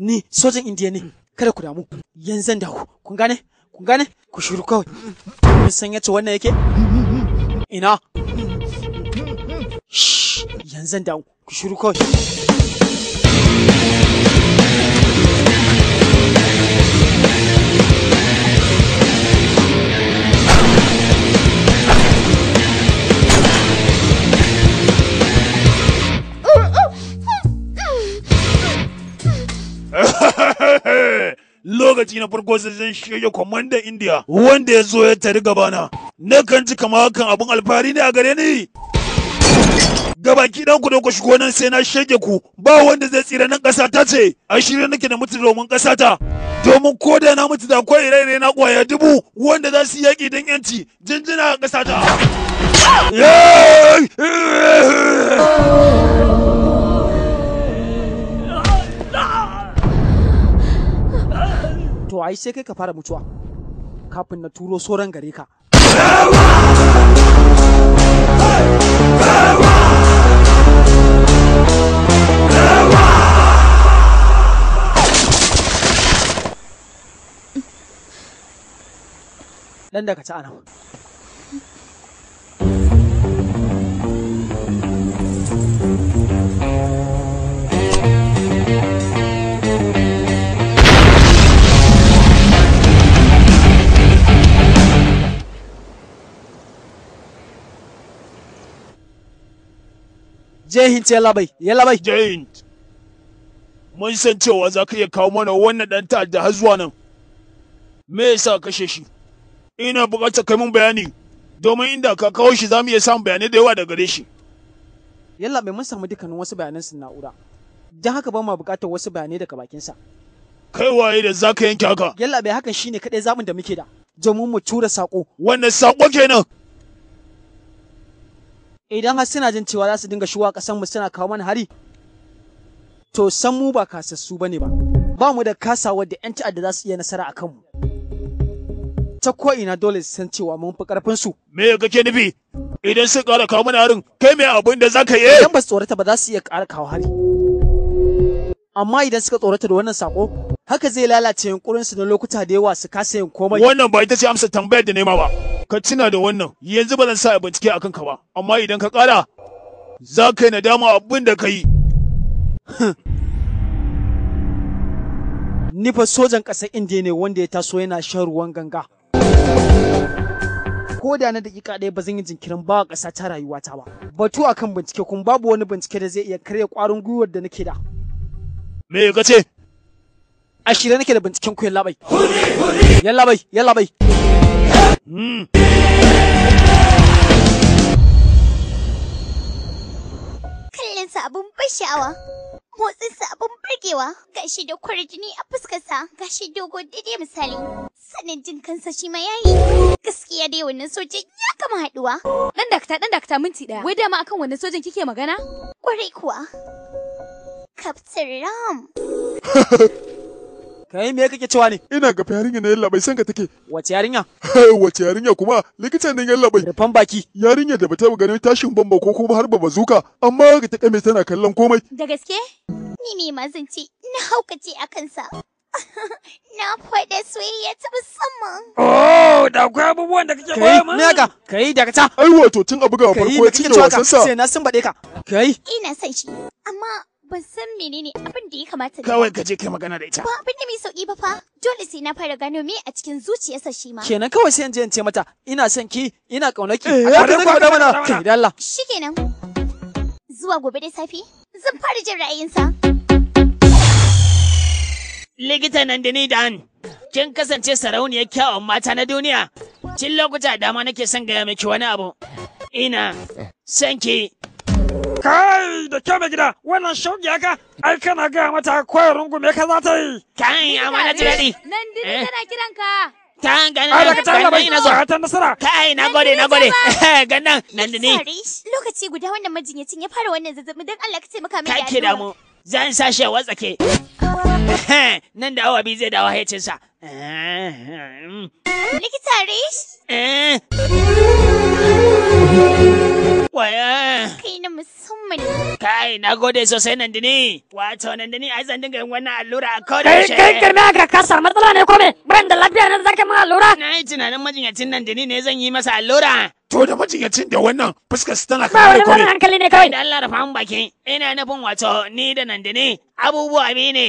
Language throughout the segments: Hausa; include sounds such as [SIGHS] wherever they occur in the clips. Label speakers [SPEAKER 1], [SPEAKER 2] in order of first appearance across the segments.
[SPEAKER 1] ni sojin indiya ne kada ku damu yanzu dawo kun gane kun gane ku shiru kawai sun san yace wannan yake Ina? Yanzu da ku shiru kawai.
[SPEAKER 2] Hey! lokaci na farko sai shirya kwamandan indiya wanda ya zo ya tari gabana na kan ji kama hakan abin alfahari ne a gare ni gabaki dan ku ku shigo nan sai na shege ku ba wanda zai tsira nan ƙasa ta ce a shirye nake da mutu domin ƙasa ta domin ko da na mutu da kwai rai na ƙwaya dubu wanda za su yaƙi don yanci jinjina a ƙasa ta
[SPEAKER 1] to ai sai kai ka fara mutuwa kafin na turo sauran gare ka Dan daga ci anan. jehin labai ya labai jehint
[SPEAKER 2] mun san cewa za ka iya kawo mana wannan dan ta'adda har zuwa nan me yasa kashe shi ina buƙatar kai mun bayani domin inda ka kawo shi za mu iya samun bayanai da yawa daga gare shi
[SPEAKER 1] yalla bai mun samu dukkanin wasu bayanan sun na'ura don haka ba ma buƙatar wasu bayanai daga bakinsa kai waye da zaka yanke haka yalla bai hakan shine kaɗai zamu da muke da domin mu tura sako wannan sako kenan idan har suna jin cewa za su dinga ƙasan ƙasanmu suna kawo mana hari to san mu ba kasassu ba ne ba ba mu da kasa wadda 'yan ta'adda za su iya nasara a kanmu ta ko'ina dole su san cewa mun fi ƙarfinsu. me ya kake nufi idan sun ƙara kawo mana harin kai me abin da za ka yi idan ba su tsorata ba za su iya ƙara kawo hari amma idan suka tsorata da wannan sako haka zai lalace su na lokuta da yawa su kasa yin komai
[SPEAKER 2] wannan ba ita ce amsa tambayar da nema ba ka tuna da wannan yanzu ba zan sa a bincike
[SPEAKER 1] akan ka ba amma idan ka kara za ka yi nadama abin da ka yi [LAUGHS] ni fa sojan ƙasar indiya ne wanda ya taso yana shan ruwan ganga ko da na daƙiƙa ɗaya ba zan yi jinkirin ba ƙasa ta rayuwata ba batu akan bincike kuma babu wani bincike da zai iya karya ƙwarin gwiwar da nake da me ka ce a shirye nake da binciken ku yallaɓai yallaɓai yallaɓai bai hmm.
[SPEAKER 3] abin ban bashawa motsinsa abin burgewa gashi da kwarjini a fuskarsa gashi dogo daidai misali sanin jin kansa shi ma yayi gaskiya dai wannan sojan ya kama haduwa dan
[SPEAKER 4] dakta dan dakta minti daya wai dama akan wannan sojan kike magana kwarai kuwa Captain Ram
[SPEAKER 1] [LAUGHS] Kai me kake cewa ne? Ina ga yarinya na
[SPEAKER 2] yallaɓai san ka take. Wace yarinya? Wace yarinya kuma likitan nan yallaɓai. Rufan baki. Yarinya da bata ganin tashin bamba ko kuma har ba bazuka amma ga ta kame tana kallon komai.
[SPEAKER 3] Da gaske? Ni ne ma zan ce na haukace a kansa. [LAUGHS] Na faɗa soyayya ta musamman.
[SPEAKER 1] Oh, da akwai abubuwan da kake bayar mana. Kai, ka, kai daga ta. Ai wato tun abu ga farko ya cinye wasan sa. Sai na sun bade ka. Kai.
[SPEAKER 3] Ina son shi, amma Ban san menene abin da ya kamata da Kawai ka je
[SPEAKER 1] kai magana da ita. Ba
[SPEAKER 3] abin da mai sauki ba fa. Dole sai na fara gano me a cikin zuciyarsa shi ma. Kenan
[SPEAKER 1] kawai sai yanzu je ce mata ina son ki, ina kaunar ki. Eh, ya ka faɗa
[SPEAKER 3] mana. Kai da Allah. kenan Zuwa gobe da safe zan fara jin ra'ayinsa. Likita nan da ni da an. Kin kasance
[SPEAKER 1] sarauniyar kyawun mata na duniya. Cin lokuta dama nake son gaya miki wani abu. Ina son ki
[SPEAKER 5] Kai da kyau mai
[SPEAKER 1] gida wannan shauki haka
[SPEAKER 5] ai kana gaya mata koyar rungume ka za ta yi. Kai amana tiradi.
[SPEAKER 4] Nan dini eh. tana kiran ka. Ta gana na gana ina Ta nasara.
[SPEAKER 3] Kai na gode na gode. [LAUGHS]
[SPEAKER 1] Gannan nan dini.
[SPEAKER 3] Lokaci guda wannan majinyacin ya fara wannan zazzabi don Allah ka taimaka min da ka Kake damu.
[SPEAKER 1] Zan sashe watsake. Ah. [LAUGHS] nan da awa biyu zai dawo haicinsa. Likita Rish? Waya? Kai na
[SPEAKER 3] musamman.
[SPEAKER 1] Kai, na gode sosai Nandini. Wato Nandini, ai zan dinga yin wannan allura a kodin da shi. Kai, kai, kai, kasar matsala ne kome. Bayan da lafiya na zaka min allura. Na yi tunanin majinyacin Nandini ne zan yi masa allura.
[SPEAKER 2] To da majinyacin da wannan fuskar su tana kamar da kome. Ba wani
[SPEAKER 1] hankali ne kawai. Da Allah da fahimba baki. Ina nufin wato ni da Nandini abubuwa biyu ne.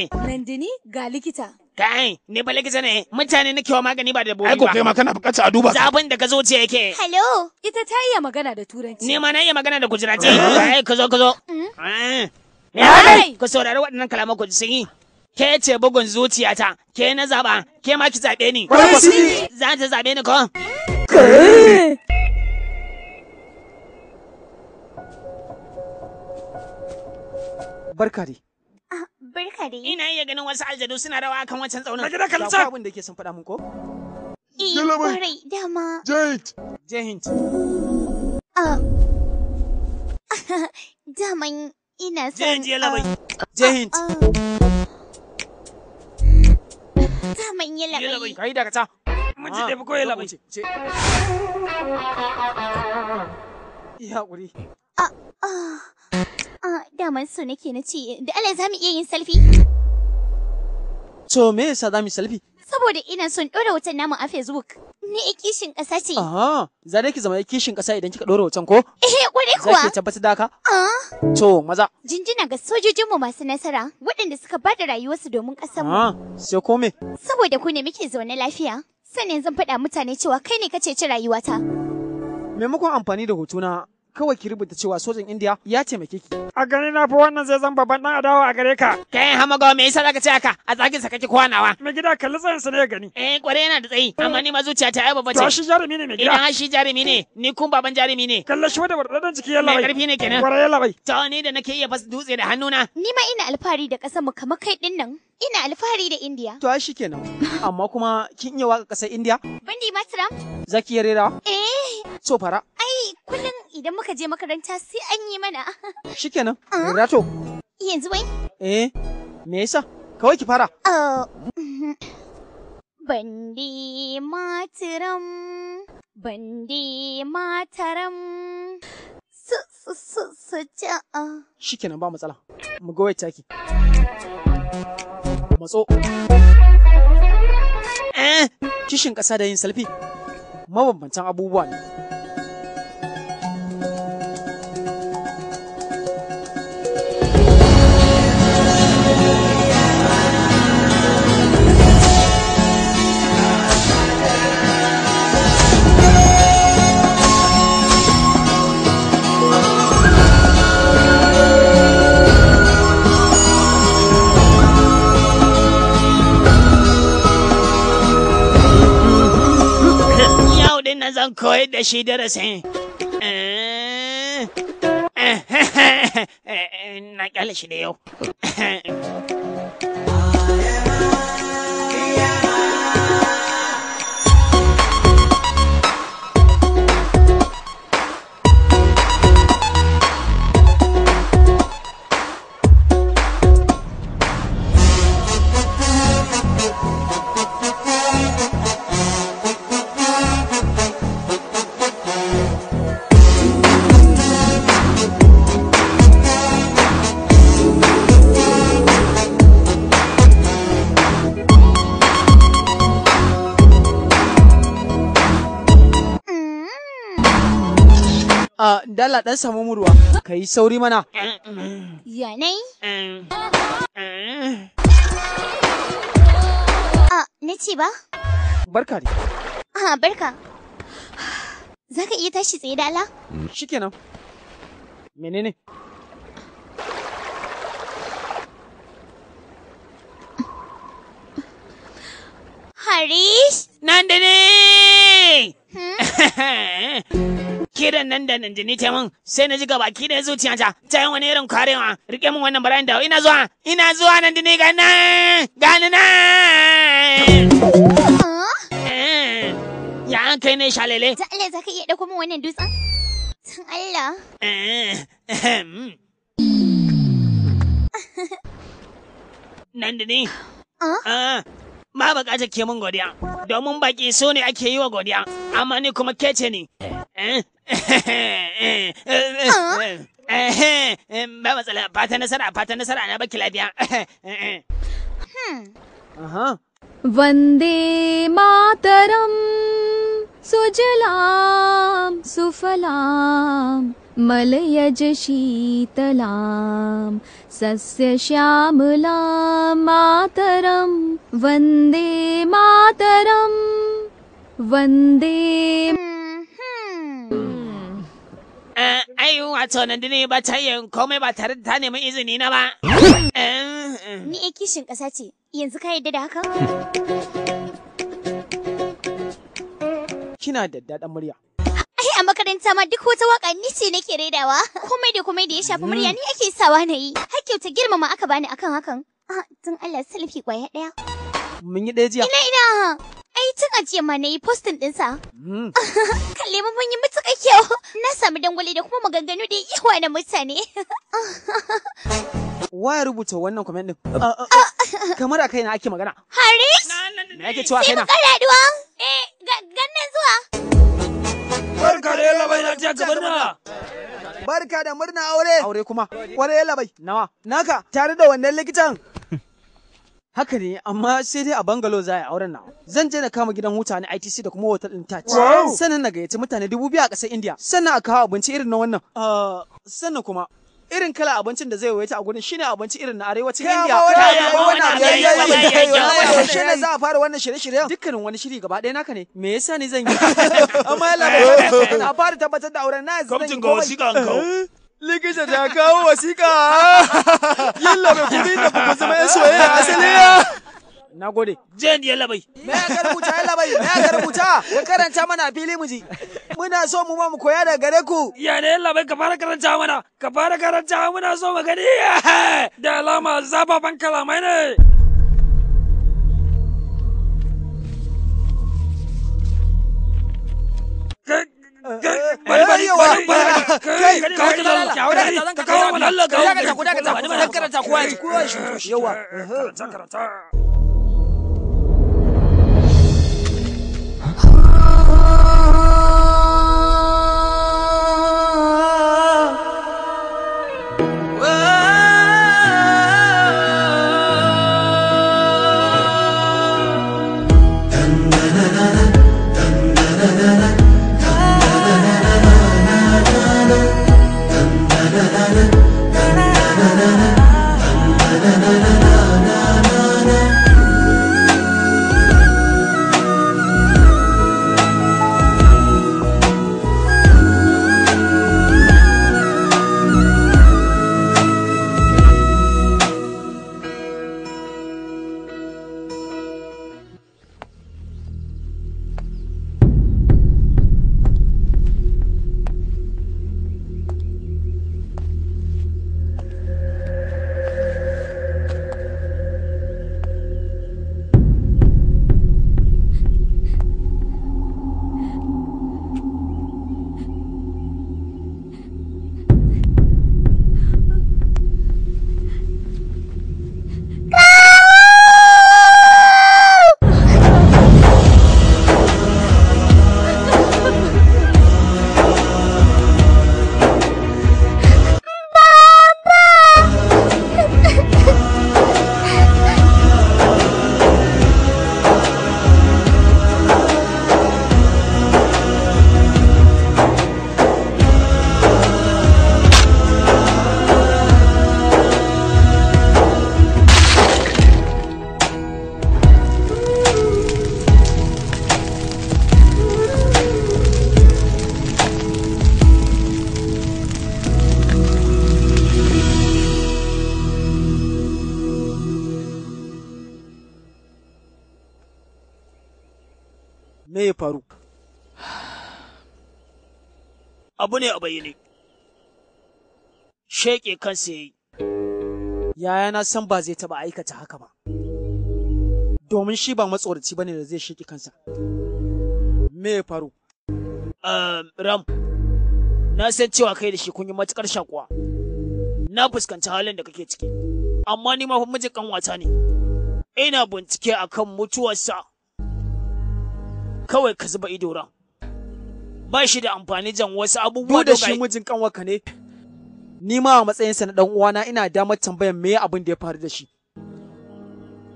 [SPEAKER 4] dini ga likita.
[SPEAKER 1] Kai, ni ba likita ne, mutane na wa magani ba da bobi ba. Aiko kai ma kana bukatar a duba. Zabin da ka zo ce yake.
[SPEAKER 4] Hello, ita ta iya magana da turanci.
[SPEAKER 1] Ni ma na iya magana da gujarati. kai ka zo ka zo. Mm. Eh. Ai, ku saurari waɗannan kalamar ku sun yi. Ke ce bugun zuciyata, ke na zaba, ke ma ki zaɓe ni. Za ta zaɓe ni ko? Barka dai. Barka dai. Ina iya ganin wasu aljanu suna rawa kan wancan tsaunin. Daga daga lissa. abin da ke sun faɗa mun ko?
[SPEAKER 2] Eh, kwarai
[SPEAKER 3] dama.
[SPEAKER 1] Jahint. Jahint.
[SPEAKER 3] Ah. [LAUGHS] Daman ina son. Jahint ya labai. Ah, Jahint. Ah. Daman ya labai. Kai daga
[SPEAKER 1] ta. Mun ci tafi ah, ko ya labai.
[SPEAKER 3] Ya haƙuri. Daman so nake na ce, da Allah za mu iya yin selfie?
[SPEAKER 1] To me yasa za mu selfie?
[SPEAKER 3] Saboda ina son ɗora hoton namu a Facebook. Ni kishin ƙasa ce.
[SPEAKER 1] Aha, za ki zama kishin ƙasa idan kika ɗora wutan ko? Eh,
[SPEAKER 3] ƙwarai kuwa. Za ki tabbatar da haka? Ah. To, maza. Jinjina ga sojojinmu masu nasara, waɗanda suka ba da rayuwarsu domin ƙasarmu. Ah, sai ko me? Saboda ku ne muke zaune lafiya. Sannan zan faɗa mutane cewa kai ne ka ceci rayuwata.
[SPEAKER 1] Maimakon amfani da hotuna, kawai ki rubuta cewa sojan India ya taimake ki. A gani na fi wannan zai zan babban dan adawa a gare ka. Kai hamaga me yasa zaka ce haka? A zagin sakaki kwanawa. Me gida kalli tsayin sa ne gani. Eh kware yana da tsayi amma ni ma zuciya ta ai babba ce. To shi jarumi ne me gida. Idan shi jarumi ne ni kun baban jarumi ne. Kalla shi da wardadan jiki yalla bai. Karfi ne kenan. Kware yalla bai. To ni da nake iya fas dutse da hannuna.
[SPEAKER 3] Ni ma ina alfahari da kasar mu kamar kai din nan. Ina alfahari da India.
[SPEAKER 1] To shi kenan. Amma kuma kin iya waka kasar India?
[SPEAKER 3] Bandi Matram.
[SPEAKER 1] Zaki rera?
[SPEAKER 3] Eh.
[SPEAKER 1] So fara. Ai
[SPEAKER 3] idan muka je makaranta sai an yi mana.
[SPEAKER 1] [LAUGHS] Shikenan, ah? Rato. Yanzu wai? Eh, me yasa? Kawai ki fara. Oh, mhm.
[SPEAKER 3] Bandi matiram, bandi mataram, su su su su
[SPEAKER 1] Shikenan ba matsala, mu ga wayar taki. Matso. Eh, kishin ƙasa da yin salfi, mabambantan abubuwa ne. kuɗin nan zan koyar da shi darasin. Eh. Eh. [LAUGHS] Eh, na ƙyale shi da yau. [LAUGHS] Uh, dala ɗan samu murwa, ka yi sauri mana.
[SPEAKER 3] Yanai? a na ce ba? Barka ne. Ah, barka. Za ka iya tashi tsaye dala? Shikenan.
[SPEAKER 1] Menene? Harish! ne! Hmm? [LAUGHS] Kiran nan da nan jini taimun sai na ji baki da zuciya ta ta yi wani irin kwarewa rike min wannan barayin da ina zuwa ina zuwa nan dini ga nan ga eh,
[SPEAKER 3] Ya an kai ne shalele. Ta Allah zaka iya dauko min wannan dutsen? San Allah. Eh, hmm.
[SPEAKER 1] [LAUGHS] Nan dini Ah. ba bukatar ke mun godiya domin baki so ne ake yi wa godiya amma ni kuma kece ne ba matsala fata nasara fata nasara na baki lafiya
[SPEAKER 4] vande mataram sujalam sufalam मलयज शीतलाम् सस्य श्यामला मातरं वन्दे मातरं वन्दे
[SPEAKER 1] ai a nan dini ba ta yin komai ba tare da ta nemi izini na ba
[SPEAKER 3] ni e kishin ƙasa ce yanzu ka yi da hakan.
[SPEAKER 1] kina da murya
[SPEAKER 3] a makaranta ma duk wata waka ni ce nake raidawa. [LAUGHS] Komai da komai da ya shafi murya ni ake sawa na yi. Har kyauta girmama aka bani akan hakan. A tun Allah salafi kwaya ɗaya. Mun yi ɗaya jiya. Ina ina. Ai tun a jiya ma na yi postin ɗinsa. Hmm. [LAUGHS] Kalle mun yi matuƙar kyau. [LAUGHS] Na sami dangwale da kuma maganganu da yawa na mutane.
[SPEAKER 1] Wa ya rubuta wannan comment din? Kamar a kaina ake magana.
[SPEAKER 3] Haris? Me ake cewa kaina? Sai mu kara Eh, gannan zuwa.
[SPEAKER 1] Barka da yalla bai lafiya ka barna. Barka da murna aure. Aure kuma. Kware yalla bai. Nawa. Naka tare da wannan likitan. [LAUGHS] Haka ne, amma sai dai a bangalo za a yi auren na. Zan je na kama gidan huta ITC da kuma hotel ɗin tace. Sannan na gayyaci mutane dubu biyu a ƙasar India. Sannan a kawo abinci irin na wannan. Ah, sannan kuma irin kala abincin da zai waita a gurin shine abinci irin na arewacin India kaya ba wani abu yayi yayi shi ne za a fara wannan shirye-shiryen dukkanin wani shiri gaba ɗaya naka ne me yasa ne zan yi [LAUGHS] amma yalla [LAUGHS] a fara tabbatar da auren na zan yi komai [LAUGHS] likita ta kawo wasiƙa yin labe da ba zama ya soyayya asali na gode je ya labai me ya rubuta ya labai me ya rubuta ka karanta mana a fili muji muna so mu ma mu koya daga gare ku ya ne labai ka fara karanta mana
[SPEAKER 5] ka fara karanta muna so mu gani da alama zababan kalamai ne yawa
[SPEAKER 1] bayyane sheke kansa yayi yaya na san ba zai taba aikata haka ba domin shi ba matsoraci bane da zai sheke kansa me ya faru ehm, ram na san cewa kai da shi kun yi matukar shakuwa na fuskanci halin da kake ciki amma ni ma fa mijin ƙanwata ne ina bincike akan mutuwarsa kawai ka zuba ido ran ba shi da amfani jan wasu abubuwa da shi mijin kanwarka ne ni ma a matsayinsa na dan uwana ina damar tambayar me abin da ya faru da shi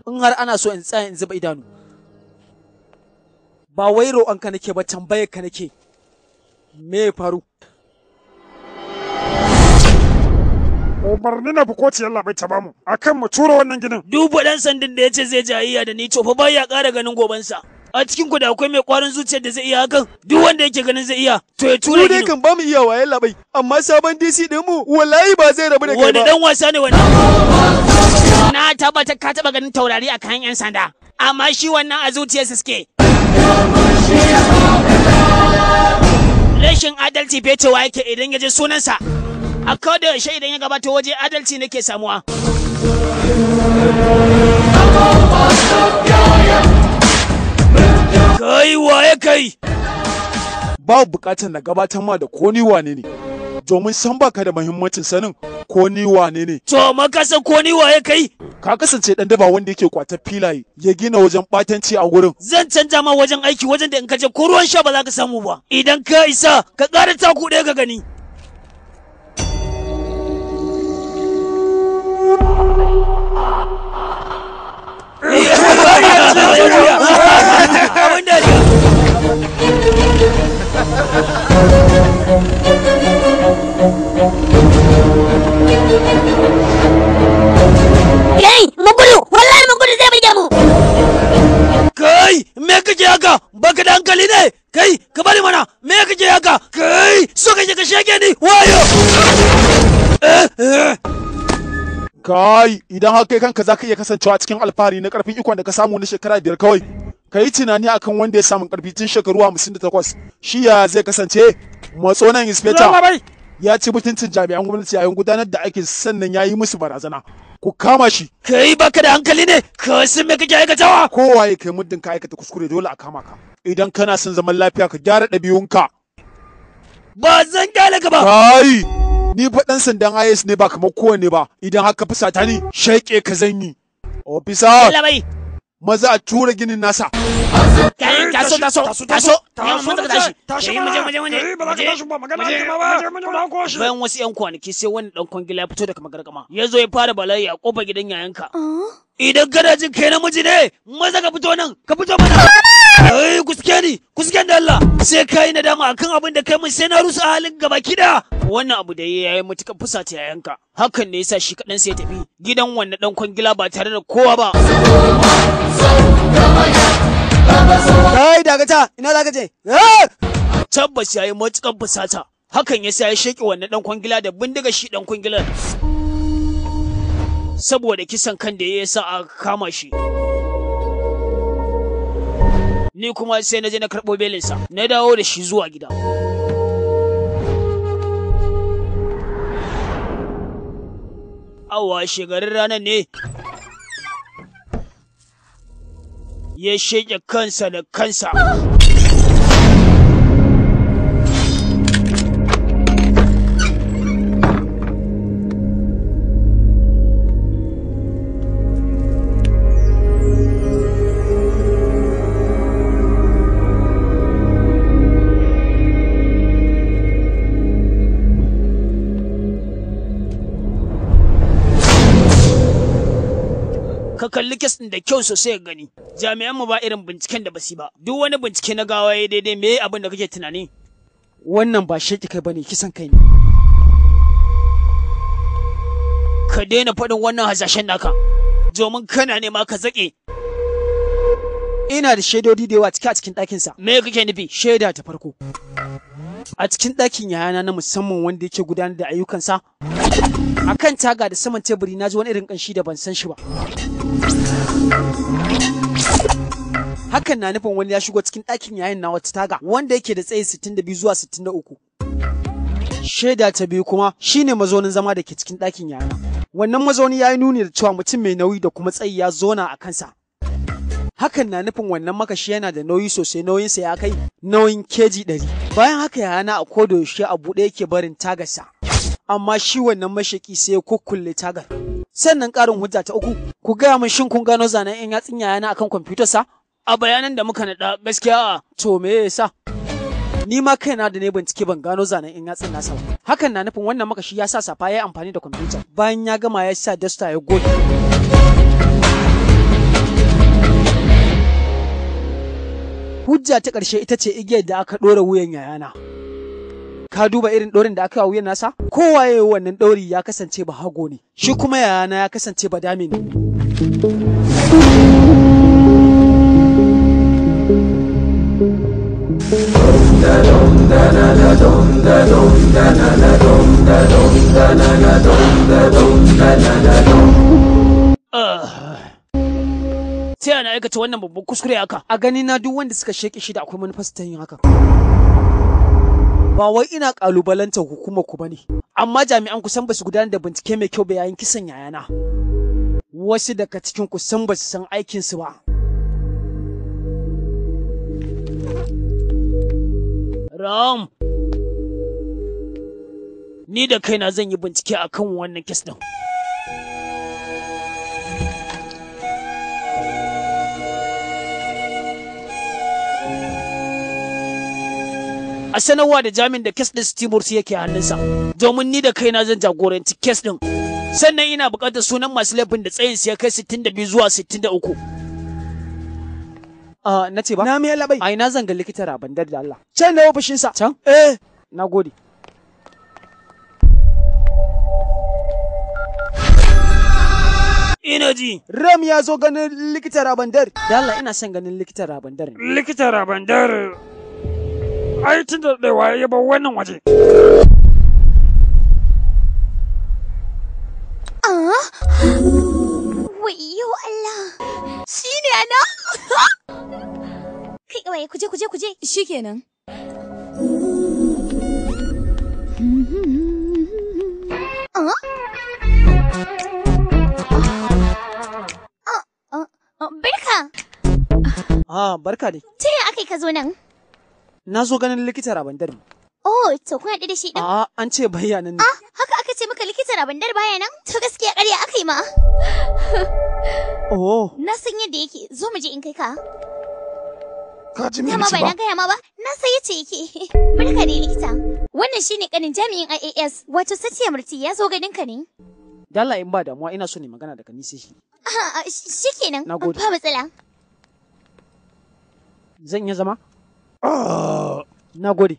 [SPEAKER 1] in har ana so in tsaya in zuba idanu ba wai ka nake ba tambayar ka nake me ya faru
[SPEAKER 6] umarni na yalla bai ta bamu akan mu tura
[SPEAKER 1] wannan ginin duba dan sandin da ya ce zai jayayya da ni to fa baya ƙara ganin gobansa a cikin ku da akwai mai kwarin zuciyar da zai iya hakan duk wanda yake ganin zai iya to ya tura gini kan ba mu iya waye labai amma sabon DC din mu wallahi ba zai rabu da kai ba wanda dan wasa ne wannan na tabbata ka taba ganin taurari a kan yan sanda amma shi wannan a zuciyarsa suke rashin adalci fecewa yake idan ya ji sunansa a kawai da yaushe idan ya gabata waje adalci nake samuwa
[SPEAKER 2] Kai waye kai? Babu bukatar na gabatar ma da ko ni wane ne. Domin san baka da muhimmancin sanin ko ni wane ne. To san ko ni waye kai? Ka kasance dan daba wanda yake kwatar filaye ya gina wajen batanci a gurin.
[SPEAKER 1] Zan canja ma wajen aiki wajen da in ka je ko ruwan sha ba za ka samu ba. Idan ka isa ka ƙara taku ɗaya ka gani.
[SPEAKER 7] [LAUGHS] abin dariya Yayi,
[SPEAKER 1] mugulu, wallahi mugulu zai buge mu. Kai, me kake haka? Baka da hankali ne? Kai, ka bari mana, me kake haka? Kai, so kake ka shege ni? Wayo!
[SPEAKER 2] Kai, idan haka kanka za ka iya kasancewa cikin alfahari na karfin ikon da ka samu na shekara biyar kawai. ka yi tunani akan wanda ya samu karfi tun shekaru 58 shi ya zai kasance matsonan inspector ya ci mutuncin jami'an gwamnati yayin gudanar da aikin sannan ya yi musu barazana ku kama shi ka yi baka da hankali ne ka san me kake aikatawa kowa ya kai muddin ka aikata kuskure dole a kama ka idan kana son zaman lafiya ka gyara ɗabi'unka ba zan gyara ka ba kai ni fa dan sandan IS ne ba kamar kowanne ba idan haka fusata ni shaike ka zanyi officer maza a tura ginin nasa
[SPEAKER 1] kai taso
[SPEAKER 5] taso taso
[SPEAKER 1] bayan wasu yan kwanaki sai wani dan kwangila ya fito daga magarkama ya zo ya fara bala ya kofar gidan yayanka ah? idan kana jin kai namiji ne maza ka fito nan ka fito mana ai kuske ni kuske da Allah sai kai nadama akan abin da kai mun sai na rusa halin gaba kida wannan abu da yayi mutukan fusace yayanka hakan ne yasa shi kadan sai tafi gidan wannan dan kwangila ba tare da kowa ba Kai ina za ka Tabbas ya yi matuƙar fusata. Hakan ya sa ya sheƙe wannan ɗan kwangila da bindiga shi ɗan kwangilar. Saboda kisan kan da ya sa a kama shi. Ni kuma sai na je na karɓo belinsa, na dawo da shi zuwa gida. Awa, shekarun ranar ne. ya sheke kansa da kansa. kalli kes ɗin da kyau sosai ka gani. Jami'an mu ba irin binciken da basi ba. Duk wani bincike na gawa ya daidai me abin da kake tunani? Wannan ba sheki kai bane kisan kai ne. Ka daina faɗin wannan hasashen naka. Domin kana nema ka zaƙe ina da shaidodi da yawa cike a cikin ɗakinsa. Me kake nufi? Shaida ta farko. A cikin ɗakin yayana na musamman wanda yake gudanar da ayyukansa. A kan taga da saman teburi na ji wani irin ƙanshi da ban san shi ba. Hakan na nufin wani ya shigo cikin ɗakin yayin na wata taga wanda yake da tsayi 62 zuwa 63. Shaida ta biyu kuma shine mazaunin zama da ke cikin ɗakin yayana. Wannan mazauni ya yi nuni da cewa mutum mai nauyi da kuma tsayi ya zona a kansa. hakan na nufin wannan makashi yana da nauyi sosai nauyinsa ya kai nauyin keji ɗari bayan haka ya hana a koda shi a buɗe yake barin tagarsa amma shi wannan mashaki sai ya kukkulle tagar sannan ƙarin hujja ta uku ku gaya min shin kun gano zanen in yatsun yayana akan kwamfutarsa a bayanan da muka naɗa gaskiya to me yasa ni ma kaina da ne bincike ban gano zanen in yatsun nasa ba hakan na nufin wannan makashi ya sa safa ya amfani da kwamfuta bayan ya gama ya sa dasta ya goge hujja ta ƙarshe ita ce igiyar da aka ɗora wuyan yayana ka duba irin ɗorin da aka yi wuyan nasa kowaye wannan ɗori ya kasance ba hago ne shi kuma yayana ya kasance ba dami ne ah. sai yana aikata wannan babban kuskure haka a gani na duk wanda suka sheke shi da akwai manufarsa ta yin haka ba wai ina kalubalantar hukumar ku bane amma jami'an ku san basu gudanar da bincike mai kyau ba yayin kisan yayana wasu daga cikin ku san basu san aikin su ba Ram ni da kaina zan yi bincike akan wannan kisan ɗin. a sanarwa da jami'in da kes ɗin Steve su yake hannunsa domin ni da kaina zan jagoranci kes ɗin sannan ina buƙatar sunan masu laifin da tsayin su ya kai 62 zuwa 63 Uh, na ce ba? Na miya labai. Ai, na zanga likita raban da Allah. Can na ofishinsa. Can? Eh. Na gode. Ina ji. Ram ya zo ganin likita rabandar. Da Allah ina son ganin likita rabandar. Likita
[SPEAKER 5] rabandar. ai tun da daɗewa ya bar wannan waje. wai
[SPEAKER 4] ah?
[SPEAKER 3] Wayo Allah! Shi ne ana? Kai waye kuje
[SPEAKER 4] kuje kuje. Shi kenan. Ah?
[SPEAKER 3] Ah, barka!
[SPEAKER 1] Ah, barka ne.
[SPEAKER 3] Ta yaya aka yi ka zo nan?
[SPEAKER 1] Na zo ganin likita Rabandar.
[SPEAKER 3] Oh, to kuna ɗaya da shi ɗin? Ah, an ce
[SPEAKER 1] bayanan ne. Ah,
[SPEAKER 3] haka aka ce maka likita Rabandar baya nan? To gaskiya ƙarya aka yi ma. Oh. Na san yadda yake, zo mu je in kai ka. Ka ji mini ba? ba na gaya ma ba, na san yace yake. [LAUGHS] Barka ne likita. Wannan shine kanin jami'in IAS, wato Satiya Murti ya zo ganin ka ne?
[SPEAKER 1] Dala in ba damuwa ina so ne magana da ka nise shi.
[SPEAKER 3] Ah, ah shikenan. Ba matsala.
[SPEAKER 1] Zan iya zama? na gode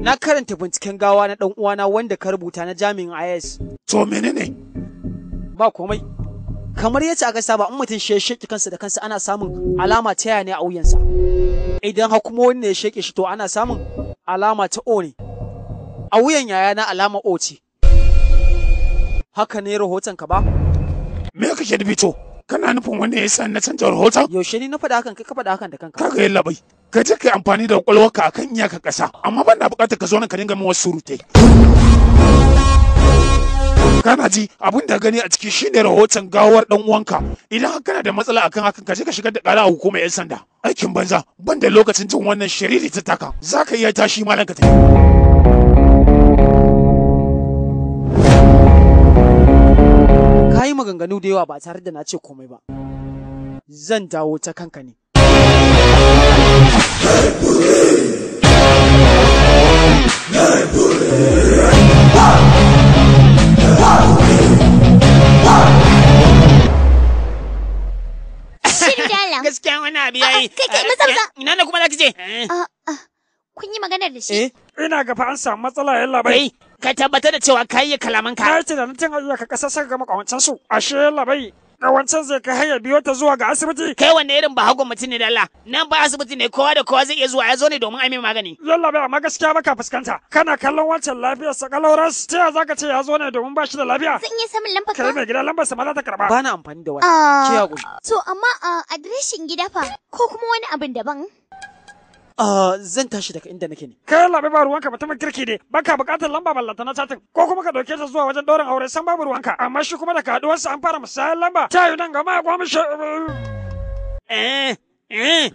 [SPEAKER 1] na karanta binciken gawa na ɗan uwana wanda ka rubuta na jami'in IS.
[SPEAKER 2] To menene?
[SPEAKER 1] Ba komai. Kamar yace aka saba in mutum shi ya sheki kansa da kansa ana samun alama ta ne a wuyansa. Idan wani ne ya sheke shi to ana samun alama ta O ne. A wuyan yaya na alama O ce. haka ne rahoton ka ba?
[SPEAKER 2] Me kake da bito? Kana nufin wanda ya sa na canja rahoton?
[SPEAKER 1] Yaushe ni na faɗa hakan kai ka faɗa hakan da kanka. Kaga
[SPEAKER 2] yalla bai. Ka je kai amfani da kwakwalwarka akan iyaka ƙasa, amma ban na buƙatar ka zo nan ka dinga min wasu surutai. kana ji abin da gani a ciki shine rahoton gawar dan uwanka idan kana da matsala akan hakan ka je ka shigar da ƙara a hukumar yan sanda aikin banza banda lokacin jin wannan shiriri ta taka zaka iya tashi malanka ta
[SPEAKER 1] maganganu da yawa ba tare da na ce komai ba. Zan dawo ta kanka ne. Gaskiya wani abu yayi. Ah, ah, eh, ina ne kuma za ki je? Ah,
[SPEAKER 3] kun yi maganar da shi?
[SPEAKER 5] Eh? ina ga fa an samu matsala yalla bai. ka tabbatar da cewa ka yi kalaman ka. Na yi tunanin tun ayyuka ka ƙasa saka
[SPEAKER 1] gama kawancan su. Ashe labai. Ƙawancen zai kai hanyar biyo ta zuwa ga asibiti. Kai wanne irin ba hagun mutum ne da Allah. Nan ba asibiti ne kowa da kowa zai iya zuwa ya zo ne domin a mai magani. Yalla bai amma gaskiya baka
[SPEAKER 5] fuskanta. Kana kallon wancan lafiyar sa kaloras. Ta za ka ce ya zo ne domin ba shi da lafiya. Zan
[SPEAKER 3] iya samun lambar ka. Kai mai gida lambar sa
[SPEAKER 5] ma za ta karba. Bana
[SPEAKER 1] amfani da
[SPEAKER 3] wani. Ciya ah, To amma ah, adireshin gida fa ko kuma wani abin daban.
[SPEAKER 1] Ah, zan tashi daga inda nake ne. Kai labe ba ruwanka
[SPEAKER 5] mutumin kirki ne baka buƙatar lamba ballanta na chatin ko kuma ka ɗauke ta zuwa wajen ɗaurin aure san babu ruwanka amma shi kuma daga haɗuwarsa an fara musayar lamba ta yi nan gama goma shi. Eh,
[SPEAKER 1] eh,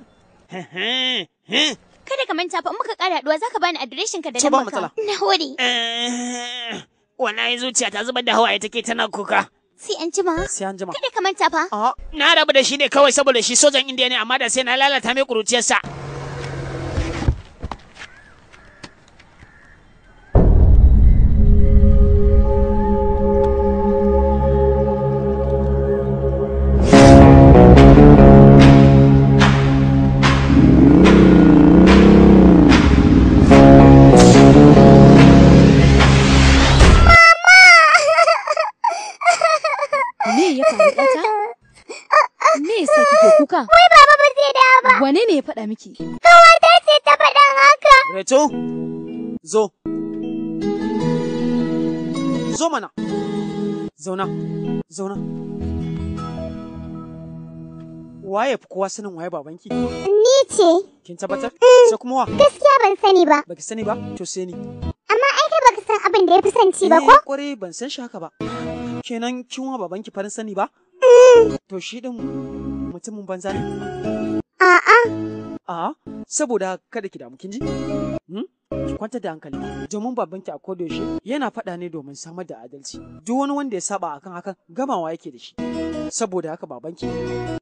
[SPEAKER 1] eh,
[SPEAKER 3] Kada ka manta fa in muka ƙara haɗuwa za ka bani adireshin ka da lambar ka. Na hore. yi zuciya ta zubar da hawaye take tana kuka. Sai an jima. Sai an jima. Kada ka manta fa. Ah.
[SPEAKER 1] Na rabu da shi ne kawai saboda shi sojan indiya ne amma da sai na lalata mai ƙuruciyarsa.
[SPEAKER 4] Wane ne ya faɗa miki? Kawata ce ta faɗan haka. Reto,
[SPEAKER 1] zo. Zo mana. Zauna, zauna. Waye fi kowa sanin waye babanki? Ni ce. Kin tabbatar? Eh. Sai kuma wa? Gaskiya ban sani ba. Baki sani ba? To sai ni. Amma ai kai baka san abin da ya fi son ci ba eh, ko? Ni kwarai ban san shi haka ba. Kenan kin wa babanki farin sani ba? Eh. To shi din mutumin banza ne. A'a. A'a, saboda kada ki damu kin ji? Hmm? Ki kwantar da hankali, domin babanki a shi, yana faɗa ne domin samar da adalci. Duk wani wanda ya saba akan hakan gamawa yake da shi. Saboda haka babanki,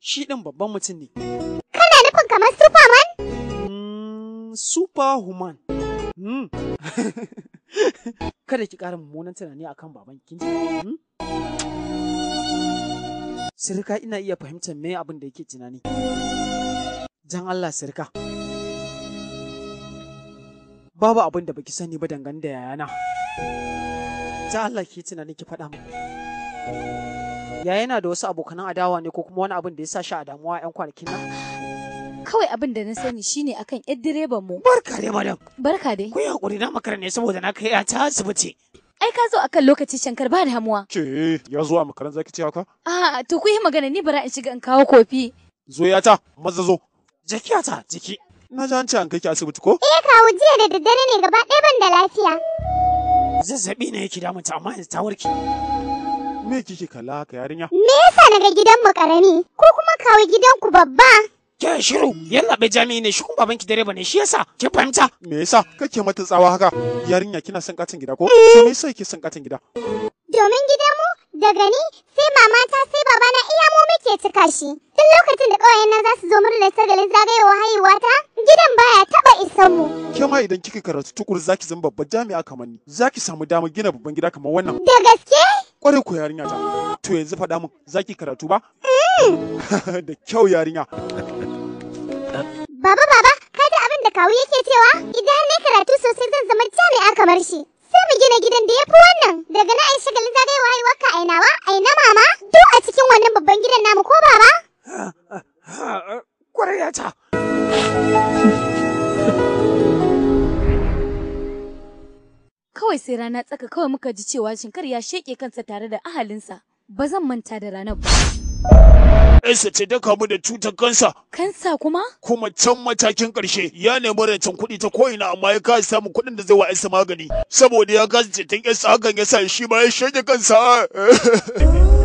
[SPEAKER 1] shi ɗin babban mutum ne. Kana nufin kamar Superman? Hmm, Superhuman. Hmm. [LAUGHS] Kada ki ƙara mummunan tunani akan babanki. Sirka ina iya fahimtar me abin da yake tunani. jan Allah sirka. Babu abin da baki sani ba dangane da yayana. Ta Allah ki tunanin ki faɗa Ya Yayana da wasu abokanan adawa ne ko kuma wani abin da ya sa shi a damuwa ƴan kwanakin nan.
[SPEAKER 4] Kawai abin da na sani shine akan ƴar direban mu. Barka dai madam. Barka dai. Ku yi
[SPEAKER 1] hakuri na makara ne saboda na kai ta asibiti.
[SPEAKER 4] Ai ka zo akan lokaci shankar ba da hamuwa.
[SPEAKER 1] Ke ya
[SPEAKER 2] zo a makaran zaki ce haka?
[SPEAKER 4] Ah to ku yi magana ni bara in shiga in kawo kofi.
[SPEAKER 2] Zo ya ta maza
[SPEAKER 1] zo. jakiyata jiki na ji an an kai ki asibiti
[SPEAKER 2] ko
[SPEAKER 4] eh
[SPEAKER 8] kawo jiya da daddare ne gaba ɗaya ban da lafiya
[SPEAKER 1] zazzabi ne yake damunta amma yanzu ta warke me kike kalla haka yarinya
[SPEAKER 8] me yasa na ga gidanmu karami ko kuma kawo gidanku babba
[SPEAKER 1] ke shiru yalla bai jami'i ne shi baban ki ba ne shi yasa
[SPEAKER 2] ki fahimta me yasa kake mata tsawa haka yarinya kina son katin gida ko eh. me yasa kike son katin gida
[SPEAKER 8] domin gidanmu Da gani sai mamata sai babana iya mu muke cika shi. Tun lokacin da ƙawayen na za su zo murnar sagalin zagayowar haihuwata gidan baya taɓa isan mu.
[SPEAKER 2] Ke ma idan kika karatu tukur zaki zama babbar jami'a kamar ni. Zaki samu damar gina babban gida kamar wannan. Da gaske? Kwarai ko yarinya ta. To yanzu faɗa min zaki karatu ba? Mm. [LAUGHS] da kyau yarinya.
[SPEAKER 8] Baba baba, ka da abin da kawu yake cewa idan ne karatu sosai zan zama jami'a kamar shi. sai mu gina gidan da ya fi wannan daga na ai shagalin wa haihuwar ka ainawa aina mama duk a cikin wannan babban gidan namu ko baba kwarya ta
[SPEAKER 4] kawai sai rana tsaka kawai muka ji cewa shinkar ya sheke kansa tare da ahalinsa ba zan manta da ranar ba
[SPEAKER 2] Yarsa ce ta kamu da cutar kansa.
[SPEAKER 4] Kansa kuma?
[SPEAKER 2] Kuma can matakin ƙarshe ya nemi rancen kuɗi ta ko'ina amma ya kasa samun kuɗin da zai wa ƴansa magani. Saboda ya kasa ceton yarsa hakan ya sa shi ma ya shanye kansa. [LAUGHS]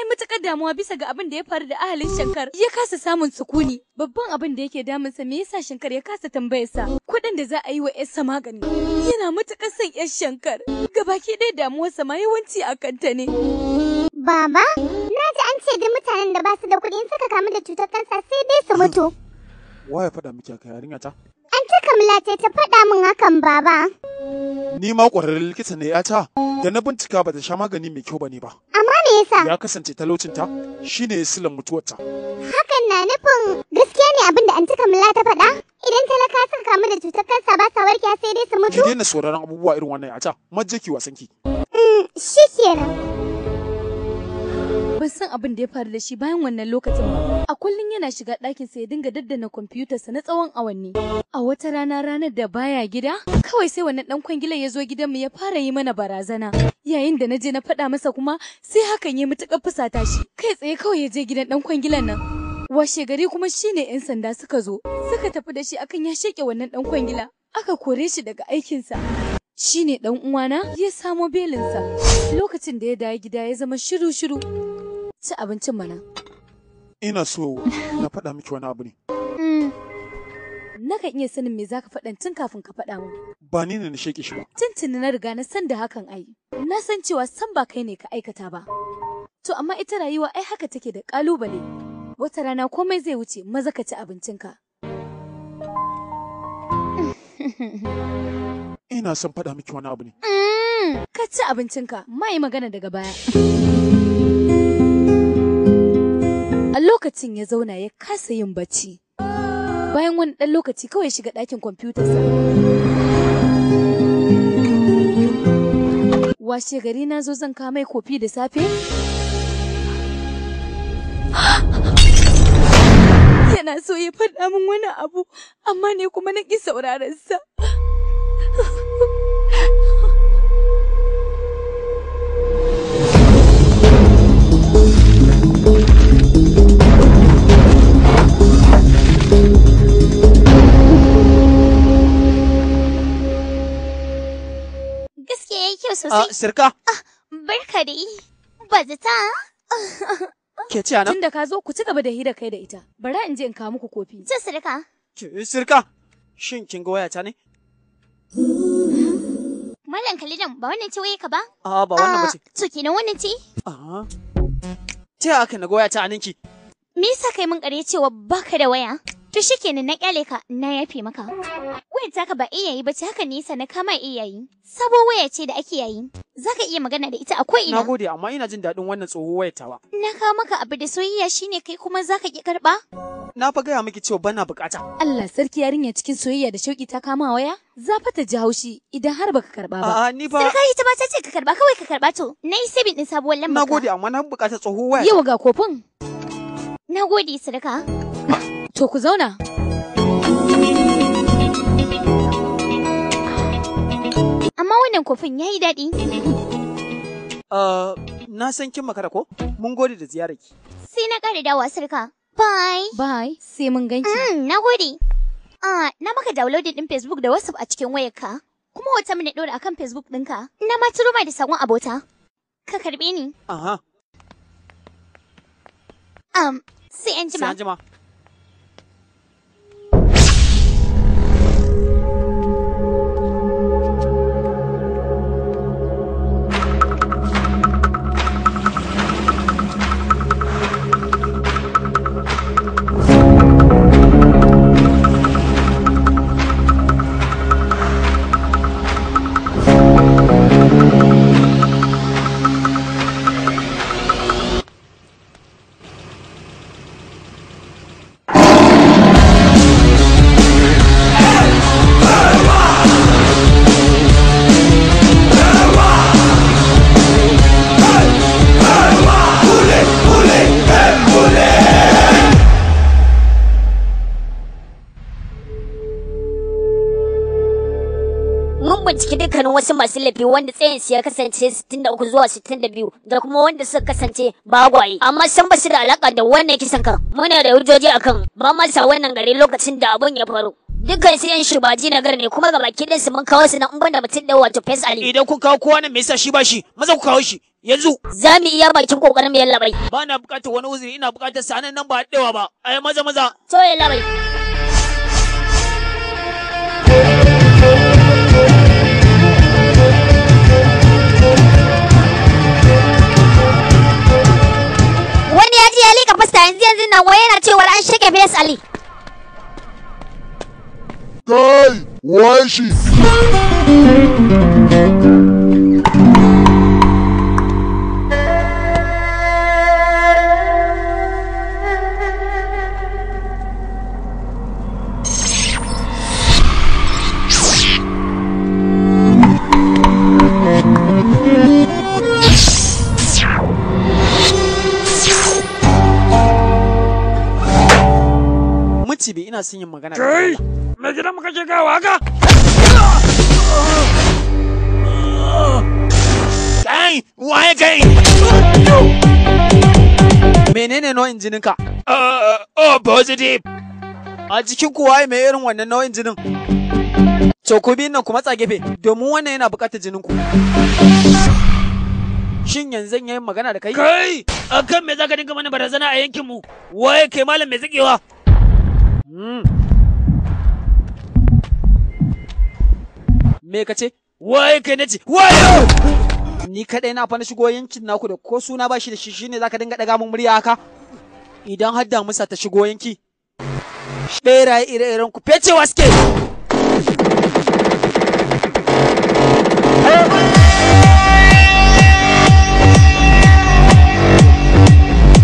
[SPEAKER 4] yi matuƙar damuwa bisa ga abin da ya faru da ahalin Shankar. Ya kasa samun sukuni. Babban abin da yake damunsa me yasa Shankar ya kasa tambayarsa kuɗin da za a yi wa ‘yarsa magani. Yana matuƙar son ‘yar Shankar. Gabaki ɗaya
[SPEAKER 8] damuwarsa ma yawanci a kanta ne. Baba, na ji an ce duk mutanen da ba su da kuɗi suka kamu da cutar kansa sai dai su mutu.
[SPEAKER 2] Wa ya faɗa miki haka yarinya ta?
[SPEAKER 8] An ce kamla ce ta faɗa min hakan baba. Ni ma ƙwararren
[SPEAKER 2] likita ne ya ta, da na bincika ba ta sha magani mai kyau ba ne ba. me yasa? Ya kasance talaucinta shine silan mutuwarta.
[SPEAKER 8] Hakan na nufin gaskiya ne abin da Anti kamala ta faɗa? Idan talaka suka kamu da cutar kansa ba sa warkewa sai dai su mutu? Ki daina
[SPEAKER 2] sauraron abubuwa irin wannan a ta, majjaki wasanki.
[SPEAKER 4] Mm, shikenan. ban san abin da ya faru da shi bayan wannan lokacin ba. A kullum yana shiga ɗakin sa ya dinga daddana kwamfutarsa na tsawon awanni. A wata rana ranar da baya gida, kawai sai wannan ɗan kwangilan ya zo gidanmu ya fara yi mana barazana. Yayin da na je na faɗa masa kuma sai hakan ya matuƙar fusata shi. Kai tsaye kawai ya je gidan ɗan kwangilan nan. Washe gari kuma shine 'yan sanda suka zo, suka tafi da shi akan ya sheƙe wannan ɗan kwangila. Aka kore shi daga aikinsa. shine dan uwana ya samo belinsa lokacin da ya dawo gida ya zama shiru-shiru Ci abincin mana.
[SPEAKER 2] Ina so na faɗa miki wani abu ne.
[SPEAKER 4] Hmm. Nakan iya sanin me zaka faɗan tun kafin ka faɗa min.
[SPEAKER 2] Ba ni ne na sheke shi ba.
[SPEAKER 4] Tuntuni na riga na san da hakan ai. Na san cewa san ba kai ne ka aikata ba. To amma ita rayuwa ai haka take da ƙalubale. Wata rana komai zai wuce maza ka ci abincinka.
[SPEAKER 2] [LAUGHS] Ina son faɗa miki wani abu ne.
[SPEAKER 4] Hmm. Ka ci abincinka, mai magana daga baya. A lokacin ya zauna ya kasa yin bacci. Bayan wani ɗan lokaci kawai ya shiga ɗakin kwamfutarsa. Washe gari na zo zan kamai kofi da safe? Yana so ya faɗa min wani abu, amma ne kuma na ƙi sauraron
[SPEAKER 3] sosai.
[SPEAKER 1] Sirka. Ah,
[SPEAKER 4] barka dai. Ba zata. Ke ci anan? Tunda ka zo ku ci gaba da hira kai da ita. Bara in je in kawo muku kofi. Ci
[SPEAKER 3] sirka.
[SPEAKER 1] Ce sirka. Shin kin ga wayata ne?
[SPEAKER 4] Malam
[SPEAKER 3] Khalidan ba wannan ce waye ka ba?
[SPEAKER 1] Ah, ba wannan ba ce.
[SPEAKER 3] Ah, to kenan wannan ce?
[SPEAKER 1] Ah. Ta aka na ga wayata anan ki?
[SPEAKER 3] Me yasa kai mun kare cewa baka da waya? To shi kenan na kyale ka na yafe maka. Wayar taka ba iya yi ba ce haka nisa na kama iya yi. Sabo waya ce da ake yayi. Za ka iya magana da ita akwai ina. Na
[SPEAKER 1] gode amma ina jin daɗin wannan tsoho wayar tawa.
[SPEAKER 3] Na kawo maka abu da soyayya shine kai kuma za ka ki karɓa?
[SPEAKER 1] Na fa gaya miki cewa bana bukata.
[SPEAKER 4] Allah sarki yarinya cikin soyayya da shauki ta kama waya? Za fa ta ji haushi idan har baka karɓa ba. A'a ni fa. Sarka
[SPEAKER 3] ita ba ta ce ka karɓa kawai ka karɓa to. Na yi sabin ɗin sabuwar lambar. Na gode amma na bukata tsoho waya. Yau ga kofin. Na gode, sadaka. To ku zauna. Amma wannan kofin ya yi daɗi.
[SPEAKER 1] Ah, na san kin makara ko? Mun gode da ziyararki.
[SPEAKER 3] Sai na ƙara dawa sarka. Bye. Bye. Sai mun ganki. Mm, na gode. Ah, na maka downloading ɗin Facebook da WhatsApp a cikin wayarka. Kuma wata mini ɗora akan Facebook ɗinka. Na ma turo mai da saƙon abota. Ka karɓe ni. Aha. Um, 三级吗？masu laifi wanda tsayinsu ya kasance 63 zuwa 62 da kuma wanda suka kasance bagwaye amma san ba su da alaka da wannan kisan kan muna da hujjoji akan ba ma sa wannan gari lokacin da abun ya faru dukkan su yan shubaji
[SPEAKER 1] na gar ne kuma ga baki din su mun kawo su nan in da mutum da wato face ali idan ku kawo kowa nan me yasa shi ba shi maza ku kawo shi yanzu za mu iya bakin kokarin mu yalla bai ba na bukatar wani uzuri ina bukatar sanan nan ba dawa ba ai maza maza to yalla bai
[SPEAKER 3] Alhaji ya lika fusta yanzu yanzu nan wai yana cewa an shake Fes Ali. Kai, wai shi.
[SPEAKER 1] ina son yin magana kai me gidan mu kake gawa haka kai waye kai menene nau'in jininka uh, uh, oh positive a jikin ku waye mai irin wannan nau'in jinin to ku bi nan ku matsa gefe domin wannan yana buƙatar jinin ku shin yanzu zan yi magana da kai kai akan me zaka dinga mana barazana a yankin mu waye kai malam mai zakewa Hmm. Me ka ce? Waye kai na ce, wayo! Ni kaɗai na fa na shigo yankin naku da ko suna ba shi da shi shine zaka dinga ɗaga mun murya haka? Idan har damusa ta shigo yanki, ɓeraye ire-iren ku fece suke!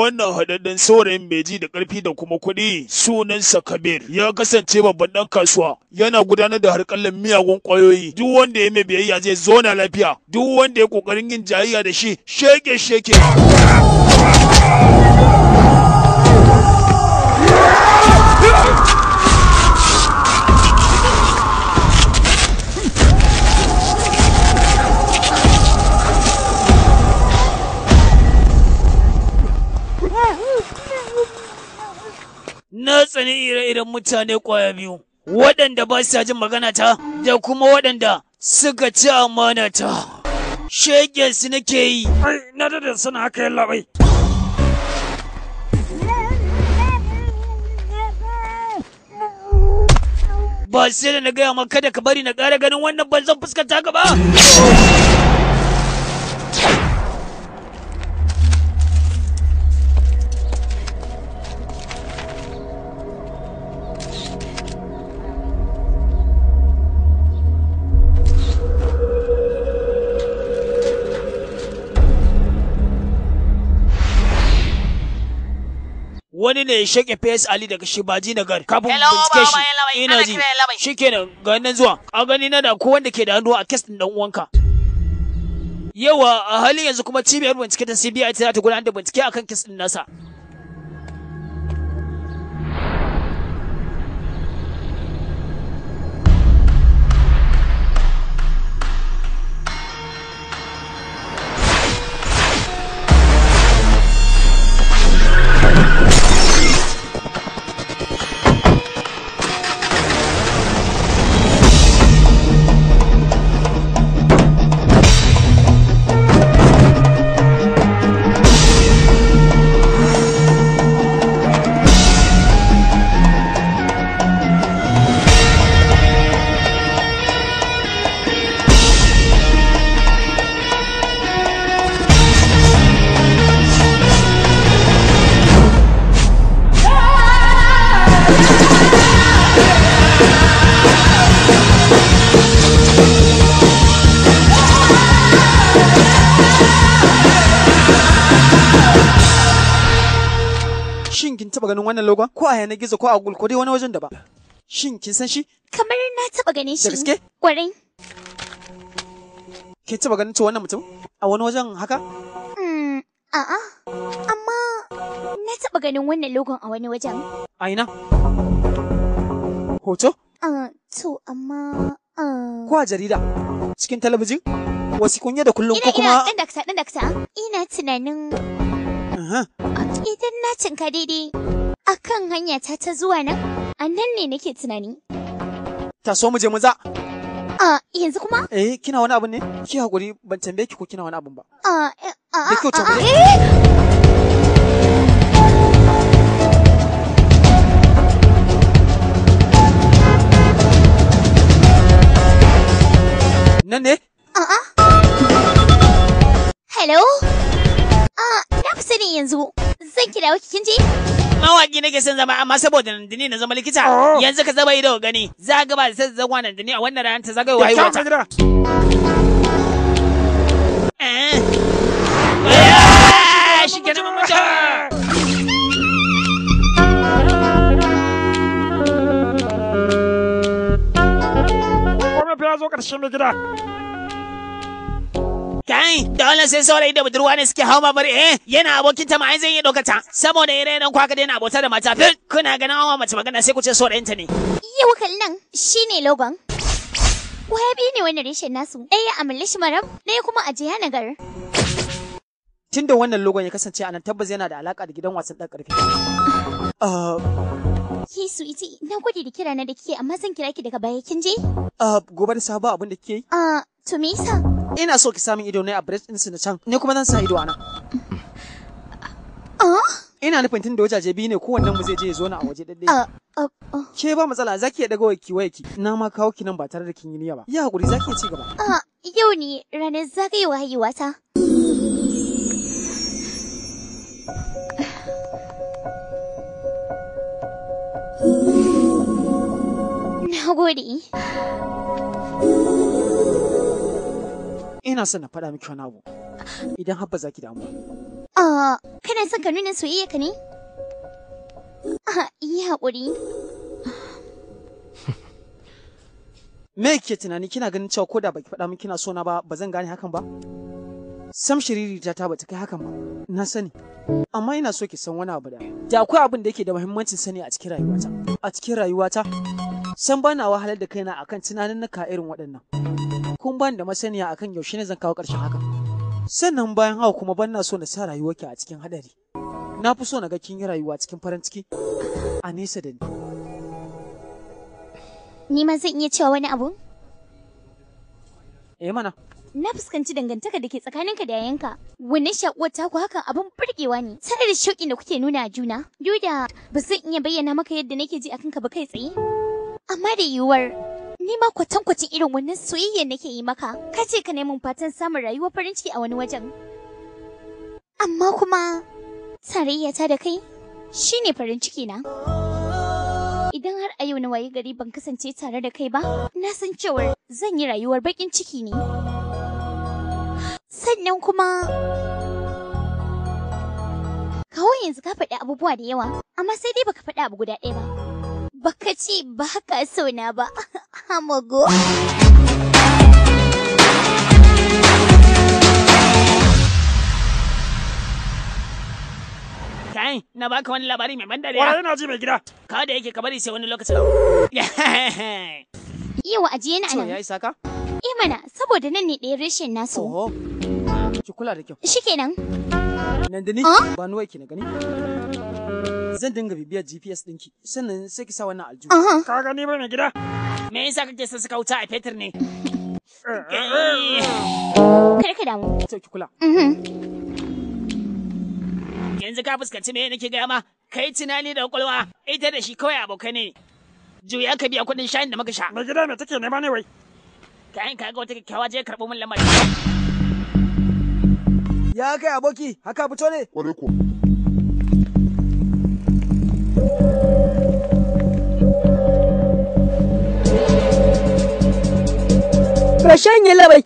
[SPEAKER 2] wannan haɗaɗɗen saurayin meji da ƙarfi da kuma kuɗi sunansa kabir ya kasance babban ɗan kasuwa yana gudanar da harƙallan miyagun ƙwayoyi duk wanda ya mai biyayya zai na lafiya duk wanda ya ƙoƙarin yin jayayya da shi sheke sheke
[SPEAKER 1] na tsani ire-iren mutane ƙwaya biyu waɗanda ba sa jin magana ta da kuma waɗanda suka ci amana ta shegen su nake yi ai na da sana haka yalla bai ba sai da na gaya maka kada ka bari na ƙara ganin wannan ban zan fuskanta ka ba wani ne ya shake fes ali daga shibaji nagar kafin bincike shi ina ji shikenan ga nan zuwa a gani na da ko wanda ke da hannu a kes din dan uwanka yawa a halin yanzu kuma cibiyar bincike ta CBI ta gudanar da bincike akan kes din nasa wannan logon ko a yanar gizo ko a Google ko dai wani wajen da ba. Shin kin san shi?
[SPEAKER 3] Kamar na taɓa ganin shi. Da gaske? Kwarai.
[SPEAKER 1] Ke taɓa ganin ta wannan mutum? A wani wajen haka?
[SPEAKER 3] Hmm, a'a, amma na taɓa ganin wannan logon a wani wajen.
[SPEAKER 1] A ina? Hoto?
[SPEAKER 3] To, amma...
[SPEAKER 1] Ko a jarida? Cikin talabijin? Wasu kunya da kullum ko kuma... Ina,
[SPEAKER 3] ina, ɗan dakta, ɗan Ina tunanin... Idan na cinka daidai, Akan hanya ta ta zuwa nan, a nan ne nake tunani.
[SPEAKER 1] Ta so mu je maza.
[SPEAKER 3] A yanzu kuma?
[SPEAKER 1] Eh, kina wani abun ne? Ki hakuri ban tambaye ki ko kina wani abun ba. A a a. Eh. Nan ne?
[SPEAKER 3] A'a. Hello? A... fi sani yanzu. Zan ki dawo kin ji? Mawaki nake son zama amma saboda dini na zama likita oh. yanzu ka zama
[SPEAKER 1] ido gani za ga ba sai zagwa dini a wannan ranar ta wa haihuwa. Eh. Shi kenan mun mutu. ya zo ƙarshen mai gida Kai, da wannan sai saurayi da budurwa ne suke hau babur eh yana abokin ta ma ai zai iya ɗauka ta. Saboda ire iren kwaka na abota da mata fil Kuna ganin awa mace magana sai ku ce saurayinta ne.
[SPEAKER 3] Yau kallon shine logon. Waya biyu ne wannan reshen nasu. Ɗaya a Milish Maram, ɗaya kuma a Jiya Nagar.
[SPEAKER 1] Tun da wannan logon ya kasance a nan tabbas yana da alaƙa da gidan wasan ɗan ƙarfi. Ah.
[SPEAKER 3] Ke su iti, na gode da kira na da kike amma zan kira ki daga baya kin je?
[SPEAKER 1] Ah, gobe da sabo abin da kike To me yasa? Ina so ki samun ido ne a breast ɗinsu na can, ni kuma zan sa ido a nan. Ah? Ah? Ina nufin tun da wajaje biyu ne kowannen mu zai je ya zo na a waje ɗaɗɗe. Ah, Ke ba matsala za ki iya ɗaga waki wayaki na ma kawo ki nan ba tare da kin yi niyya ba. Ya haƙuri za ki iya ci gaba.
[SPEAKER 3] Yau ne ranar zagayewa haihuwata. [SIGHS] Na gode.
[SPEAKER 1] Ina son na faɗa miki wani abu. Idan har za ki damu.
[SPEAKER 3] Ah, kana son ka nuna soyayya ka ne? Ah, yi haƙuri.
[SPEAKER 1] [LAUGHS] Me ke tunani kina ganin cewa ko da baki faɗa min kina sona ba ba zan gane hakan ba? Sam shiriri ta ta bata kai hakan ba. Na sani. Amma ina so ki san wani abu da. Da akwai abin da yake da muhimmancin sani a cikin rayuwata. A cikin rayuwata san bana wahalar da kaina akan tunanin naka irin waɗannan. kun bani da masaniya akan yaushe ne zan kawo ƙarshen haka sannan bayan haka kuma ban na so na sa ki a cikin haɗari na fi so na ga kin yi rayuwa cikin farin ciki a nesa da ni
[SPEAKER 3] ni ma zan iya cewa wani abu eh mana na fuskanci dangantaka da ke tsakaninka da yayanka. Wannan shakuwar ku hakan abin burgewa ne, tare da shauƙin da kuke nuna a juna. Duda, ba zan iya bayyana maka yadda nake ji akan ka ba kai tsaye. Amma da yiwuwar Ni ma kwatan kwatankwacin irin wannan soyayyar nake yi maka. Ka ce ka nemi fatan samun rayuwar farin ciki a wani wajen. Amma kuma ta da kai shine farin ciki na. Idan har a yau na waye gari ban kasance tare da kai ba, na san cewar zan yi rayuwar bakin ciki ne. Sannan kuma Kawai yanzu ka faɗi abubuwa da yawa, amma sai dai baka faɗi abu guda ɗaya ba. baka ce ba ka so na ba, [LAUGHS] hamago.
[SPEAKER 1] Kai, na baka wani labari mai ban
[SPEAKER 3] dariya. Wani naji mai
[SPEAKER 1] gida. Ka da yake ka bari sai wani lokacin. [LAUGHS]
[SPEAKER 3] Yawa ajiye na anan. Ya isa ka? Eh mana, saboda nan ne ɗaya rashin nasu. Oho. Ki kula da kyau. Shikenan. Nan da ni
[SPEAKER 1] ba nuwa ki na gani. zan dinga bibiyar GPS ɗinki sannan sai ki sa wannan aljihu. Ka gani ba mai gida? Me yasa kake sa suka wuta a fetur ne? Eh. Kada
[SPEAKER 3] ka damu. Sai ki kula. Mhm.
[SPEAKER 1] Yanzu ka fuskanci me nake gaya ma? Kai tunani da kwakwalwa ita da shi kawai abokai ne. Juya ka biya kuɗin shayin da muka sha. Mai gida me take nema ne wai? Kayan ka ga wata kyakkyawa je karɓo min lamari. Ya kai aboki, haka fito ne? Ƙwarai ko. No, shanye labai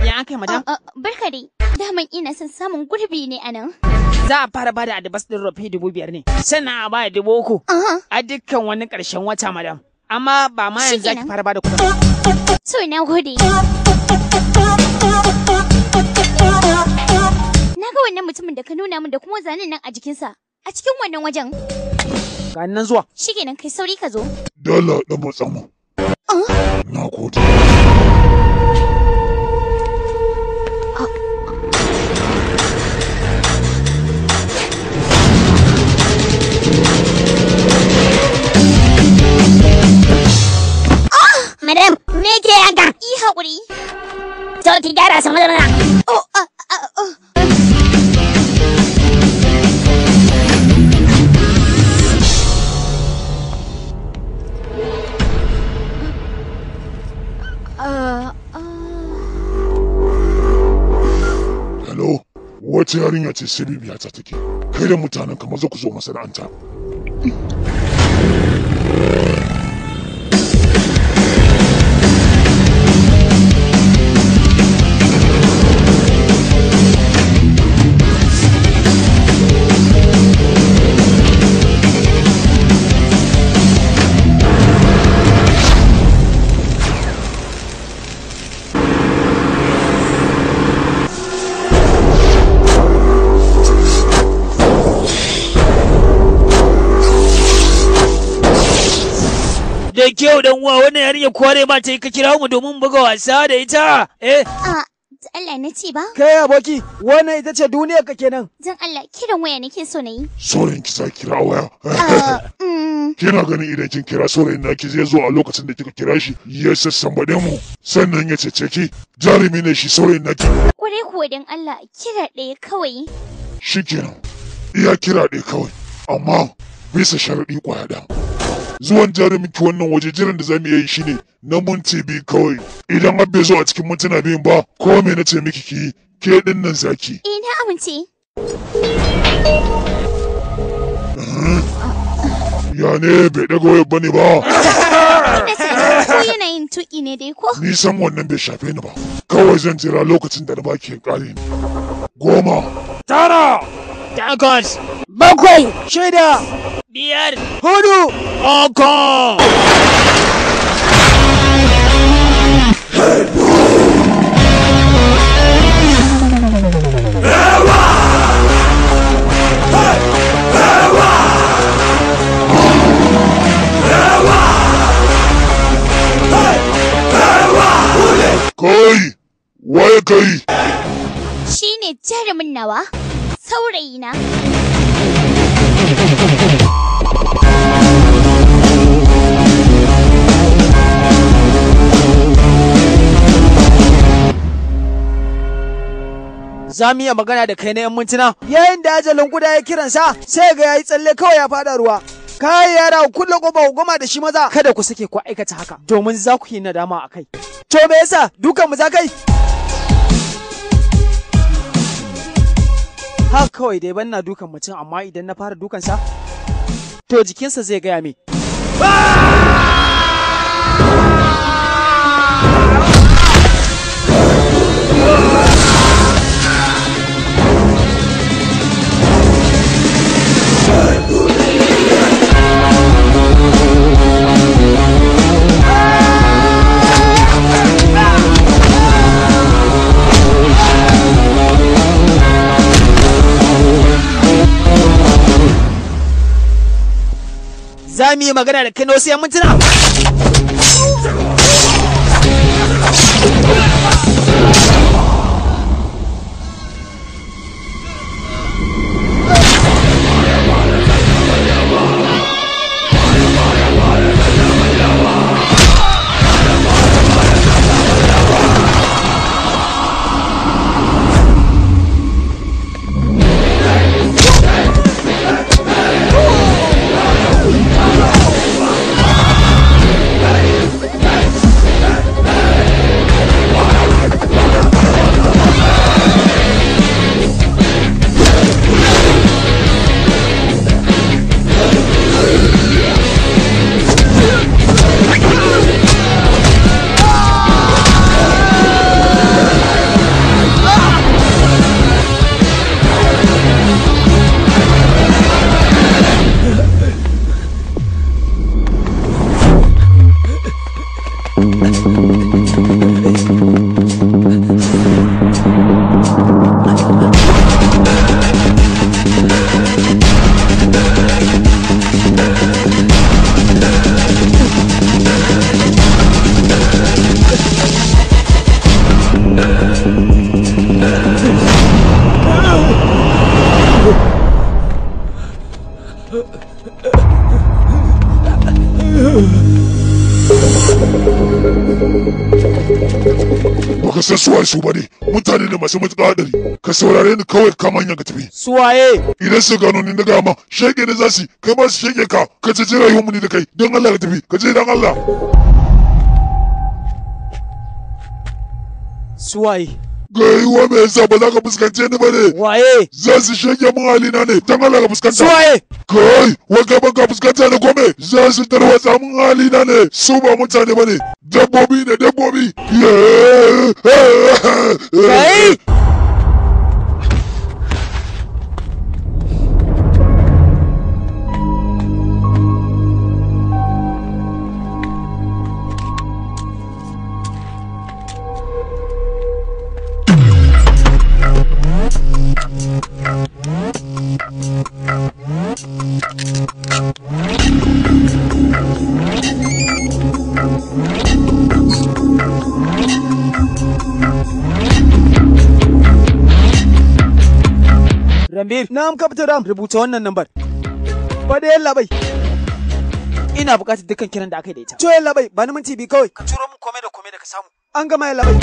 [SPEAKER 1] Ya
[SPEAKER 3] kai madam? Barka Daman ina son samun gurbi ne a nan. Za a fara bada adabas ɗin rufe
[SPEAKER 1] dubu biyar ne. Sannan a bada dubu uku. A dukkan wani ƙarshen wata madam. Amma ba ma yanzu za ki fara bada kuɗin.
[SPEAKER 3] So na gode. Na ga wannan mutumin da ka nuna min da kuma zanen nan a jikinsa a cikin wannan wajen. ga nan zuwa. shikenan kai sauri ka zo.
[SPEAKER 9] Dala da musamman. Ah. Na gode.
[SPEAKER 3] Ah! Madam, me ke haka? Yi haƙuri. Zo ki gyara su mazana. Oh, ah, oh, oh, oh.
[SPEAKER 4] Uh, uh...
[SPEAKER 9] Hello? yarinya ce Sibibiya ta take? Kai da mutanen ka maza ku zo masana'anta.
[SPEAKER 1] wai kyau dan uwa wannan yarinya kware ma ta yi ka kira mu domin buga wasa da ita eh
[SPEAKER 3] Allah na ce ba?
[SPEAKER 9] Kai aboki, wannan ita ce duniyar ka kenan.
[SPEAKER 3] Dan Allah, kiran waya nake so na yi.
[SPEAKER 9] Sorin ki za kira waya. Mm. Kina ganin idan kin kira saurayin naki zai zo a lokacin da kika kira shi ya sassambaɗe mu sannan ya cece ki jarumi ne shi saurayin naki.
[SPEAKER 3] Kwarai kuwa dan Allah kira ɗaya kawai.
[SPEAKER 9] Shi kenan, iya kira ɗaya kawai, amma bisa sharaɗi ƙwaya ɗaya. zuwan jarumin ki wannan waje jiran da zamu yi shine na minti biyu kawai idan an bai zo a cikin mintuna biyun ba ko me na ce miki ki ke din nan zaki eh
[SPEAKER 3] na amince
[SPEAKER 9] ya ne bai dago yau bane ba
[SPEAKER 3] yanayin tuki ne dai ko ni san
[SPEAKER 9] wannan bai shafe ni ba kawai zan jira lokacin da na baki ya kare
[SPEAKER 1] goma tara takwas bakwai shida biyar hudu uku
[SPEAKER 9] Kai, wai kai?
[SPEAKER 3] Shi ne jarumin nawa? saurayina.
[SPEAKER 1] za mu iya magana da kai na 'yan mintuna yayin da ajalin guda ya kiransa sai ga yayi tsalle kawai ya fada ruwa kai yara ku kulle goba goma da shi maza kada ku sake ku aikata haka domin za ku yi nadama kai. to me yasa dukan mu za kai haka kawai dai ban na dukan mutum amma idan na fara dukansa to jikinsa zai gaya min. Ah! za mu yi magana da kai na wasu 'yan
[SPEAKER 9] masu matuƙa haɗari ka saurare ni kawai ka manya ka tafi suwaye idan su gano ni na gama shege ne zasu kai ba su shege ka ka ce rayuwar mu ni da kai don Allah ka tafi ka je don Allah suwaye Gaiwa wame yasa ba za ka fuskance ni ba ne? Waye? Za su shege mun halina ne, dan Allah ka fuskanta. Su Kai, wanka ban ka fuskanta ni kome? Za su tarwatsa mun halina ne, su ba mutane ba ne. Dabbobi ne dabbobi. Kai!
[SPEAKER 1] Rambir, na am kafta ram rubuta wannan lambar. Fada labai. Ina buƙatar dukkan kiran da aka yi da ita. To yalla bai, ba ni minti biyu kawai. Ka turo min kome da kome da ka samu. An gama yalla labai.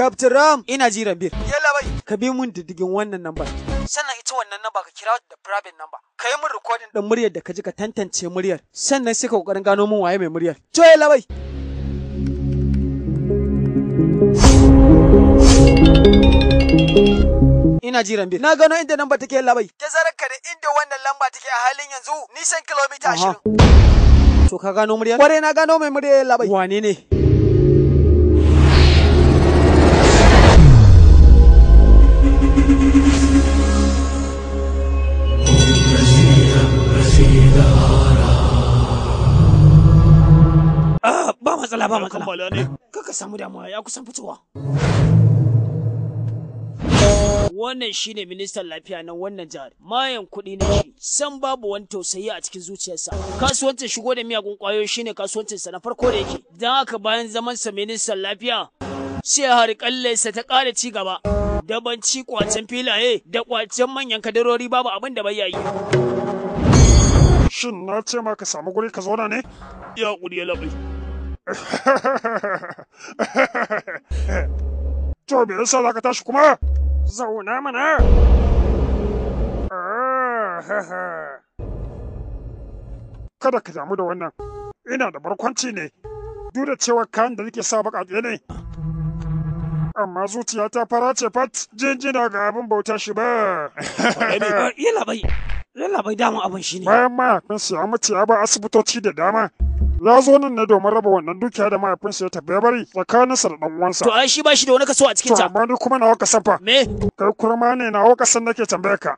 [SPEAKER 1] Captain Ram, ina jiran bir. Yalla bai. Ka bi mun diddigin wannan namba. Sannan ita wannan namba ka kira da private number. Ka yi mun recording din muryar da ka ji ka tantance muryar. Sannan sai ka kokarin gano mun waye mai muryar. To yalla bai. Ina jiran bir. Na gano inda lamba take yalla bai. Tazarar ka da inda wannan lamba take a halin yanzu nisan kilomita 20. To ka gano muryar? Kware na gano mai muryar yalla bai. Wane ne? matsala ba matsala. Kaka samu damuwa ya kusan fitowa. Wannan shi ne ministan lafiya na wannan jihar. Mayan kuɗi na shi, san babu wani tausayi a cikin zuciyarsa. Kasuwancin shigo da miyagun ƙwayoyi shi ne kasuwancinsa na farko da yake. Don haka bayan zaman sa ministan lafiya, sai har sa ta ƙara ci gaba. Dabanci kwacen filaye da kwacen manyan kadarori babu abin da bai yi.
[SPEAKER 6] Shin na ce ma ka samu guri ka zauna ne?
[SPEAKER 2] Ya ƙuri ya labai.
[SPEAKER 6] To me sa za ka tashi kuma?
[SPEAKER 5] Zauna mana!
[SPEAKER 6] Kada ka damu da wannan, ina da barkwanci ne, duk da cewa kayan da nake sa baƙaƙe ne. Amma zuciya ta fara ce fat jinjina ga abin bauta shi ba. Yalla bai, yalla bai damun abin shi ne. Bayan ma, kun siya mutu ya ba asibitoci da dama. Ya zo nan ne domin raba wannan dukiya da mahaifinsa ya tafi ya bari tsakaninsa da ɗan uwansa. To ai shi
[SPEAKER 1] ba shi da wani kaso a cikin ta. To
[SPEAKER 6] amma ni kuma nawa kasan fa. Me? Kai kurma ne nawa kasan nake tambaya ka.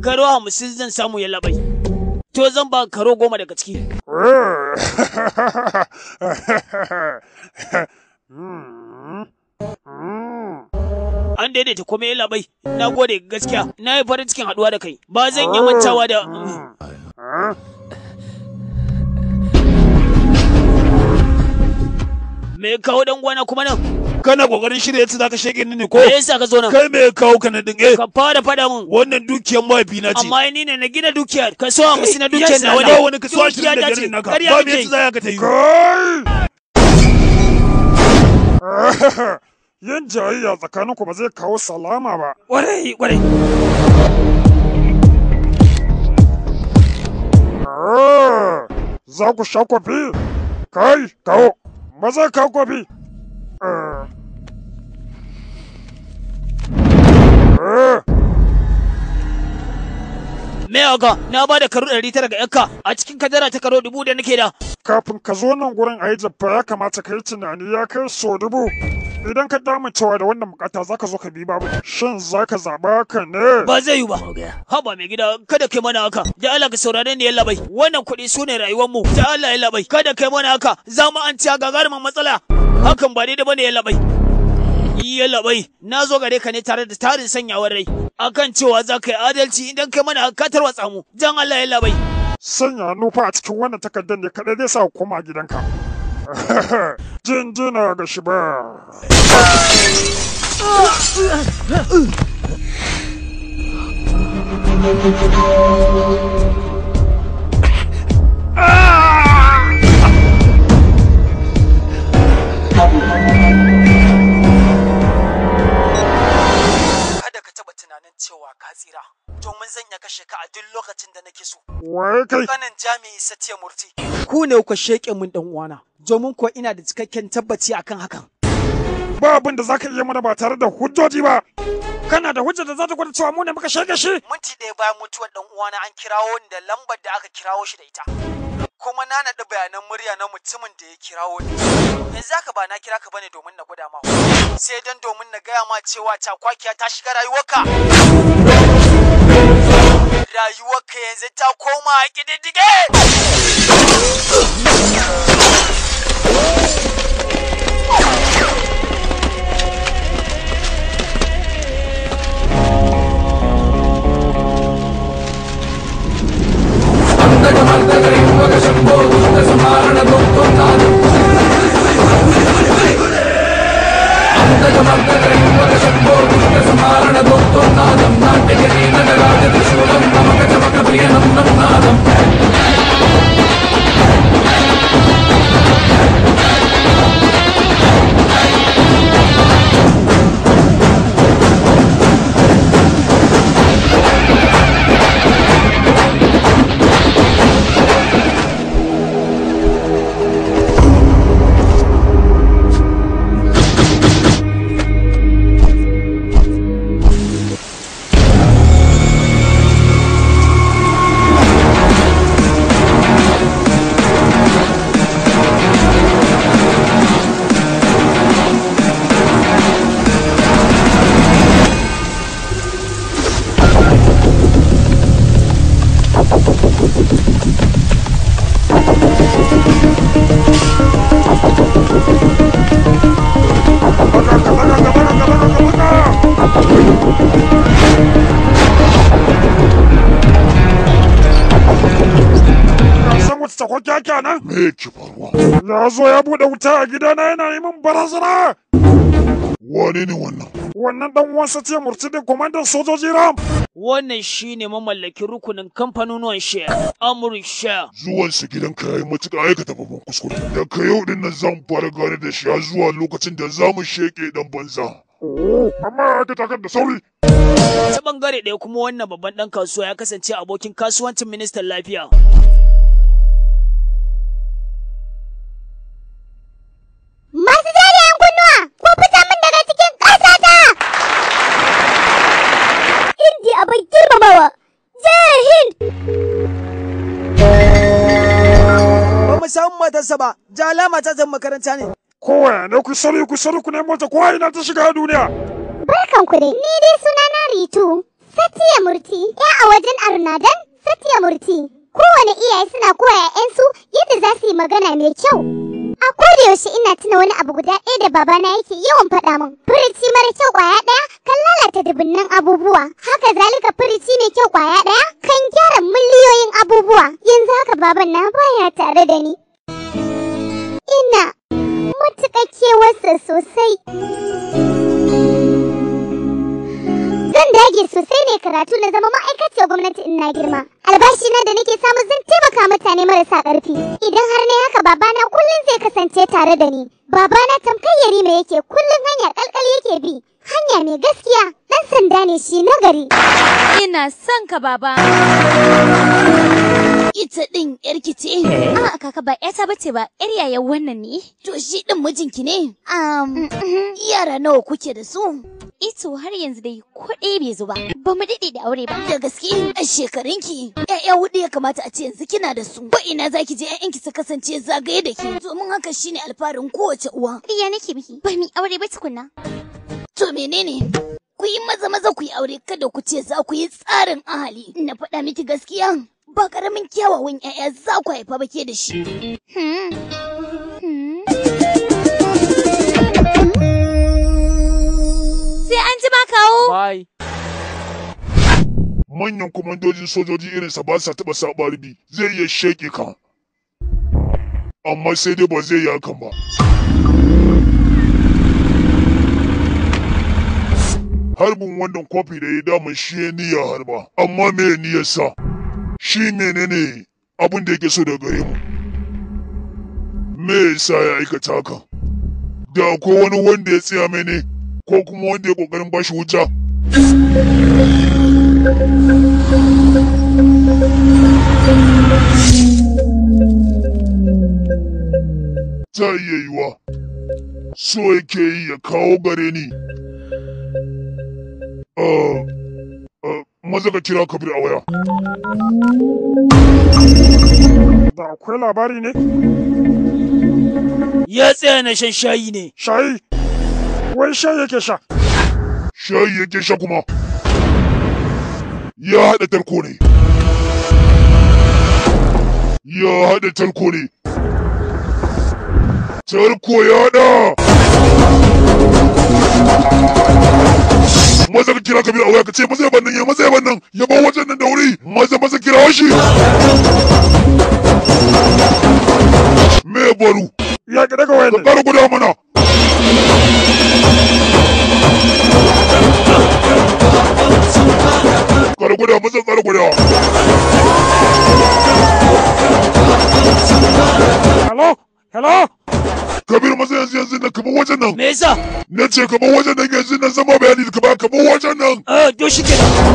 [SPEAKER 1] Karo hamsin zan samu ya labai. To zan ba karo goma daga ciki. Eh. [LAUGHS] An daidaita komai ya labai. Na gode gaskiya. Na yi farin cikin haɗuwa da kai. Ba zan yi mantawa da. Hmm. Hmm. Hmm. Me kawo dan gwana kuma nan? Kana kokarin shirya yadda zaka shege ni ne ko? Me yasa ka zo nan? Kai me kawo ka na din eh? Ka fara fada mun. Wannan dukiyar mahaifi na ce. Amma ni ne na gina dukiyar. Ka so mu na dukiyar na wani. wani ka so shi da garin naka. Ba me yasa zaka
[SPEAKER 2] ka
[SPEAKER 6] ta yi. [LAUGHS] Yin jayayya ku ba zai kawo salama ba.
[SPEAKER 5] Kwarai, kwarai.
[SPEAKER 6] Za ku sha kwafi? Kai, kawo. maza ka gobe?
[SPEAKER 1] Me na ba da karo ɗari tara ga yanka a cikin kadara ta karo dubu da nake da. Kafin ka zo nan gurin a yi jabba ya
[SPEAKER 6] kamata ka yi tunani ya kai so dubu. Idan ka damu cewa da wannan bukata zaka zo ka bi babu shin zaka zaba ka ne? Ba zai yi ba.
[SPEAKER 1] Haba mai gida kada kai mana haka. Da Allah ka saurare ni yalla bai. Wannan kuɗi sune rayuwar mu. Da Allah yalla bai. Kada kai mana haka. Za mu an ciya gagarumin matsala. Hakan ba daidai bane yalla bai. Yalla bai. Na zo gare ka ne tare da tarin sanyawar rai. Akan cewa za ka yi adalci idan kai mana haka tarwatsa mu. Dan Allah yalla bai.
[SPEAKER 6] Sanya nufa a cikin wannan takardar ne kada zai sa koma gidanka. jinjina ga shi ba.
[SPEAKER 1] Kada ka taɓa tunanin cewa ka tsira. domin zan iya kashe ka a duk lokacin da nake so. Wai kai. Kanin jami'i Satiya Murti. Ku ne ku sheƙe min dan uwana domin kuwa ina da cikakken tabbaci akan hakan. Ba abin da zaka iya mana ba tare da hujjoji ba.
[SPEAKER 5] Kana da hujjar da za ta gwada cewa mu ne muka sheƙe shi?
[SPEAKER 1] Minti ɗaya bayan mutuwar dan uwana an kirawo ni da lambar da aka kirawo shi da ita. kuma na naɗi bayanan murya na mutumin da ya kirawo ni yanzu haka ba na kira ka bane domin na gwada ma sai dan domin na gaya ma cewa takwakiya ta shiga rayuwarka rayuwarka yanzu ta koma a ƙididdige
[SPEAKER 7] Δεν θέλω να με κάνεις να να να να
[SPEAKER 9] me yake faruwa?
[SPEAKER 6] Ya zo ya buɗe wuta
[SPEAKER 9] a gidana yana yi min barazana. Wane ne wannan?
[SPEAKER 6] Wannan dan uwansa ce
[SPEAKER 1] Murtidin kwamandan sojoji Ram. Wannan shi ne mamallakin rukunin kamfanonuwan share, Amur share.
[SPEAKER 9] Zuwan su gidan ya yi matuƙa aikata babban kuskure. ka yau din nan zan fara gane da shi zuwa lokacin da za mu sheƙe dan banza. Oh, amma ka takar da
[SPEAKER 1] sauri. Ta bangare ɗaya kuma wannan babban ɗan kasuwa ya kasance abokin kasuwancin ministan lafiya. Ba mu samu matarsa ba, jala zan makaranta
[SPEAKER 8] ne. Kowa na ku sani ku sani ku ne mota kowa ina ta shiga duniya. Barkan ku dai, ni dai suna na Ritu, Satiya Murti, ya a wajen Arnadan, Satiya Murti. Kowane iyaye suna koya 'ya'yansu yadda za su yi magana mai kyau. A yaushe ina tuna wani abu guda ɗaya da babana yake yawan faɗa min. Firici mara kyau ƙwaya ɗaya kan lalata dubunnan abubuwa. Haka zalika firici mai kyau ƙwaya ɗaya kan gyara miliyoyin abubuwa. Yanzu haka baban na baya tare da ni. Ina matuƙa kewarsa sosai. zan dage sosai ne karatu na zama ma'aikaciyar gwamnati in na girma. Albashi na da nake samu zan taimaka mutane marasa ƙarfi. Idan har na haka babana kullum zai kasance tare da ni. Babana tamkar yari mai yake kullum hanya kalkal yake bi. Hanya mai gaskiya ɗan sanda ne shi nagari. Ina son ka baba.
[SPEAKER 3] ita din ‘yarki ce? Eh. a kaka ba ‘yata bace ba, ‘yar yayan wannan ne? To shi ɗin mijinki ne? Mm, mm-hmm. Mm-hmm. yara nawa kuke da su? Ito eh har yanzu dai ko ɗaya bai zuba. Ba mu daɗe da aure ba. Da gaske a shekarunki ‘ya'ya hudu ya kamata a ce yanzu kina da su. Ba ina zaki je je ‘ya'yanki su kasance zagaye da ke. mun haka shine alfarin kowace uwa. Iya nake miki. Ba mi aure ba tukunna. To menene? Ku yi maza maza ku yi aure kada ku ce za ku yi tsarin ahali. Na faɗa miki gaskiya. ba ƙaramin kyawawan 'ya'ya za ku haifa ba ke da shi. Hmm. Hmm.
[SPEAKER 9] Sai an ji ma kawo. Manyan kwamandojin sojoji irinsa ba sa taɓa saɓar ribi zai iya sheƙe ka. Amma sai dai ba zai yi hakan ba. Harbin wannan kwafi da ya damun shi ya niyya harba, amma me niyyar sa? shi menene abin da yake so da gare mu me yasa ya aikata haka da akwai wani wanda ya tsaya mai ne ko kuma wanda ya kokarin bashi wuta ta iya yiwa so yake yi ya kawo gare ni uh, maza ka kira kabir a waya
[SPEAKER 6] ba akwai labari ne
[SPEAKER 9] ya tsaya na shan shayi ne shayi wai shayi yake sha shayi yake sha kuma ya haɗa tarko ne ya haɗa tarko ne tarko ya haɗa maza ka kira kabiru a waya ka ce maza yaban nan ya maza yaban nan ya bar wajen nan da wuri maza maza kira shi me boru ya ki daga wayan ka kara guda mana kara guda maza kara guda hello hello kamar wajen nan. Me yasa? Na ce kamar wajen nan yanzu na zama bayani da kamar kamar wajen nan. Ah, to shi kenan.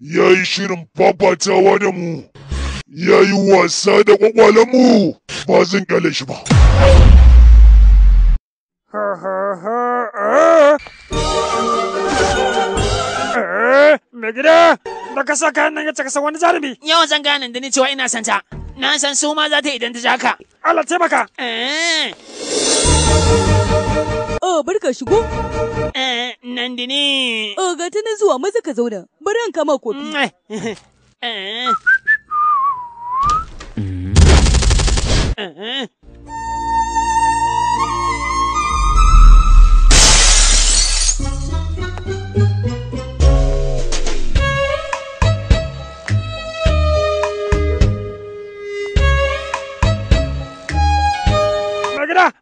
[SPEAKER 9] Ya yi shirin fafatawa da mu. ya yi wasa da kwakwalenmu ba zan gale shi ba.
[SPEAKER 1] Eh, Mai gida, da ka sa kayan nan ya caka wani jarumi. Yau zan ganin da ni cewa ina santa. Na san su ma za ta idan ta ja
[SPEAKER 4] ka. Allah taimaka. Oh, barka shigo. Eh, Nandini. Oh, ga ta zuwa maza ka zauna. Bari an kama kofi. Eh. [LAUGHS]
[SPEAKER 1] eh. Megida,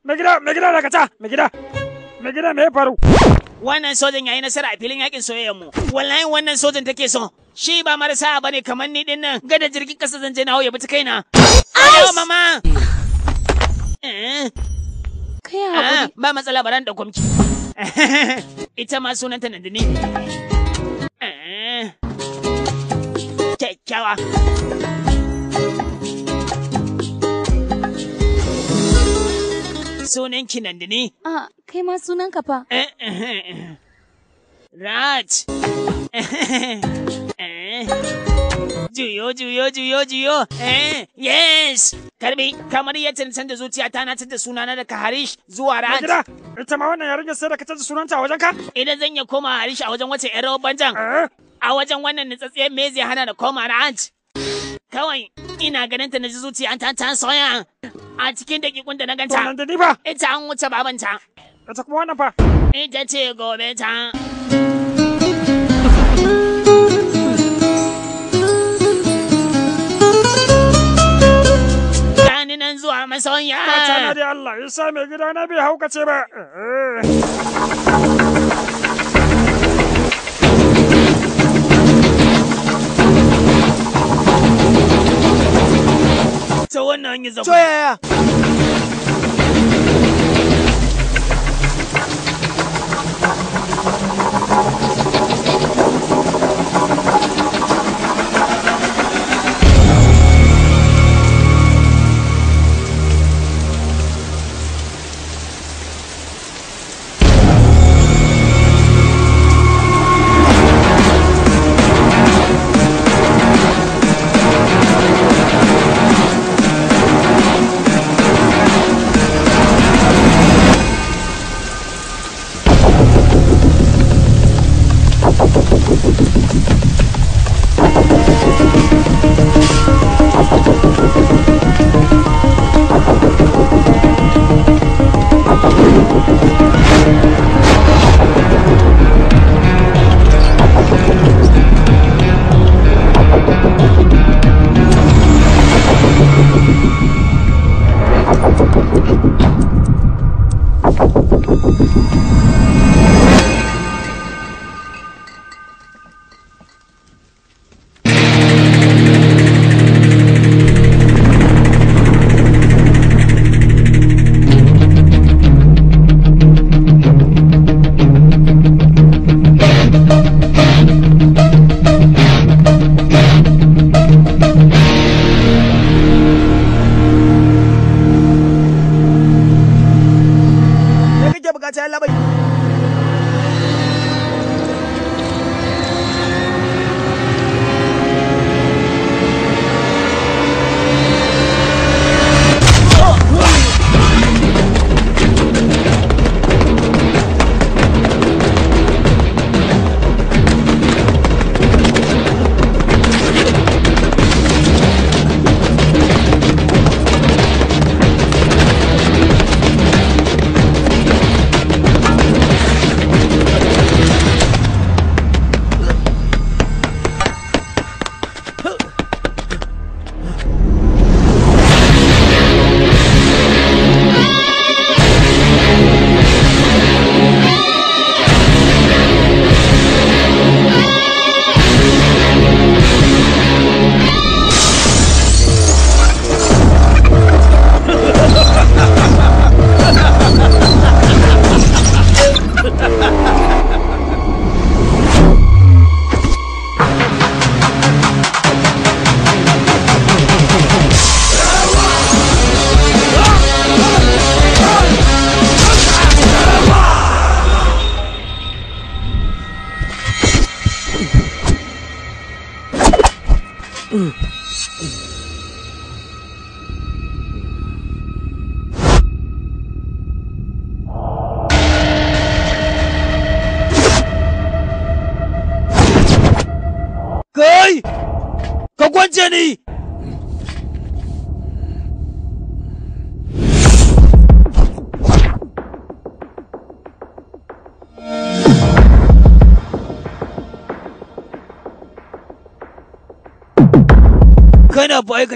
[SPEAKER 5] Megida, Megida, Megida, Megida, Megida,
[SPEAKER 1] Megida, wannan sojan yayi nasara a filin yakin soyayyar mu wallahi wannan sojan take so shi ba marasa bane kamar ni din nan gada jirgin kasa je na ya bi ta kaina ayo mama eh. kai ah, hakuri ba matsala baran da kwamki ita ma sunanta Nandini eh. kyakkyawa sunan ki nan da Nandini?
[SPEAKER 4] A, kai ma sunan ka fa.
[SPEAKER 1] Raj. Juyo, juyo, juyo, juyo. Yes! Karbi, kamar yadda na canza zuciya ta na canza sunana daga Harish zuwa Raj. Magira, ita ma wannan yarinyar sai da ka canza sunanta a wajen ka? Idan zan iya koma Harish a wajen wace 'yan rawar banjan. Eh. A wajen wannan nutsatsiyar mezi hana da koma Raj? Kawai ina ganin ta na ji zuciya ta ta soya a cikin dakikun da na ganta. Wannan da ni ba. Ita an wuce babanta. Ita kuma wannan fa. Ita ce gobe ta.
[SPEAKER 5] Gani nan zuwa masoya. Ka tana da Allah, ya sa mai gida na bai haukace ba. Eh.
[SPEAKER 7] ta wannan hanyar zamu. yaya Thank you.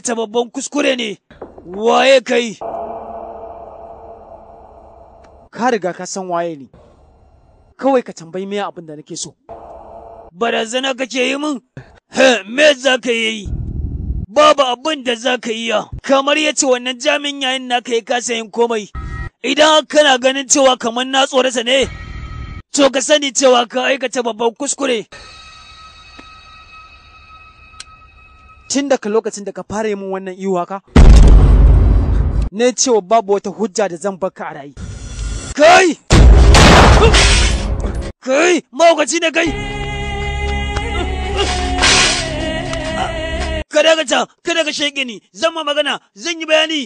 [SPEAKER 1] ta babban kuskure ne, waye kai? Ka riga ka san waye ne, kawai ka tambayi me abin da nake so. Barazana kake yi min? Me za ka yi? Babu abin da za ka iya, kamar yace wannan jamin yayin naka yi kasa yin komai. Idan kana ganin cewa kamar na tsorata ne, to ka sani cewa ka aikata babban kuskure. tun daga lokacin da ka fara min wannan iyo haka ne cewa babu wata hujja da zan baka a rayi kai kai mahaukaci ne kai kada ka ta kada ka shege ni zan ma magana zan yi bayani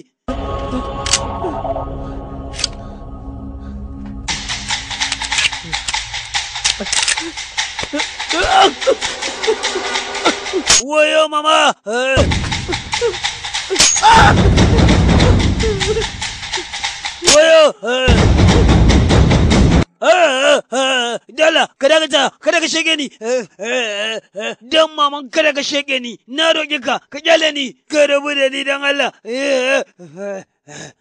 [SPEAKER 5] Wayo mama! Wayo!
[SPEAKER 1] Dala, kada ka ta, kada ka shege ni. Dan maman kada ka shege ni, na roƙe ka, ka kyale ni, ka rabu da ni don Allah. Ha ha ha.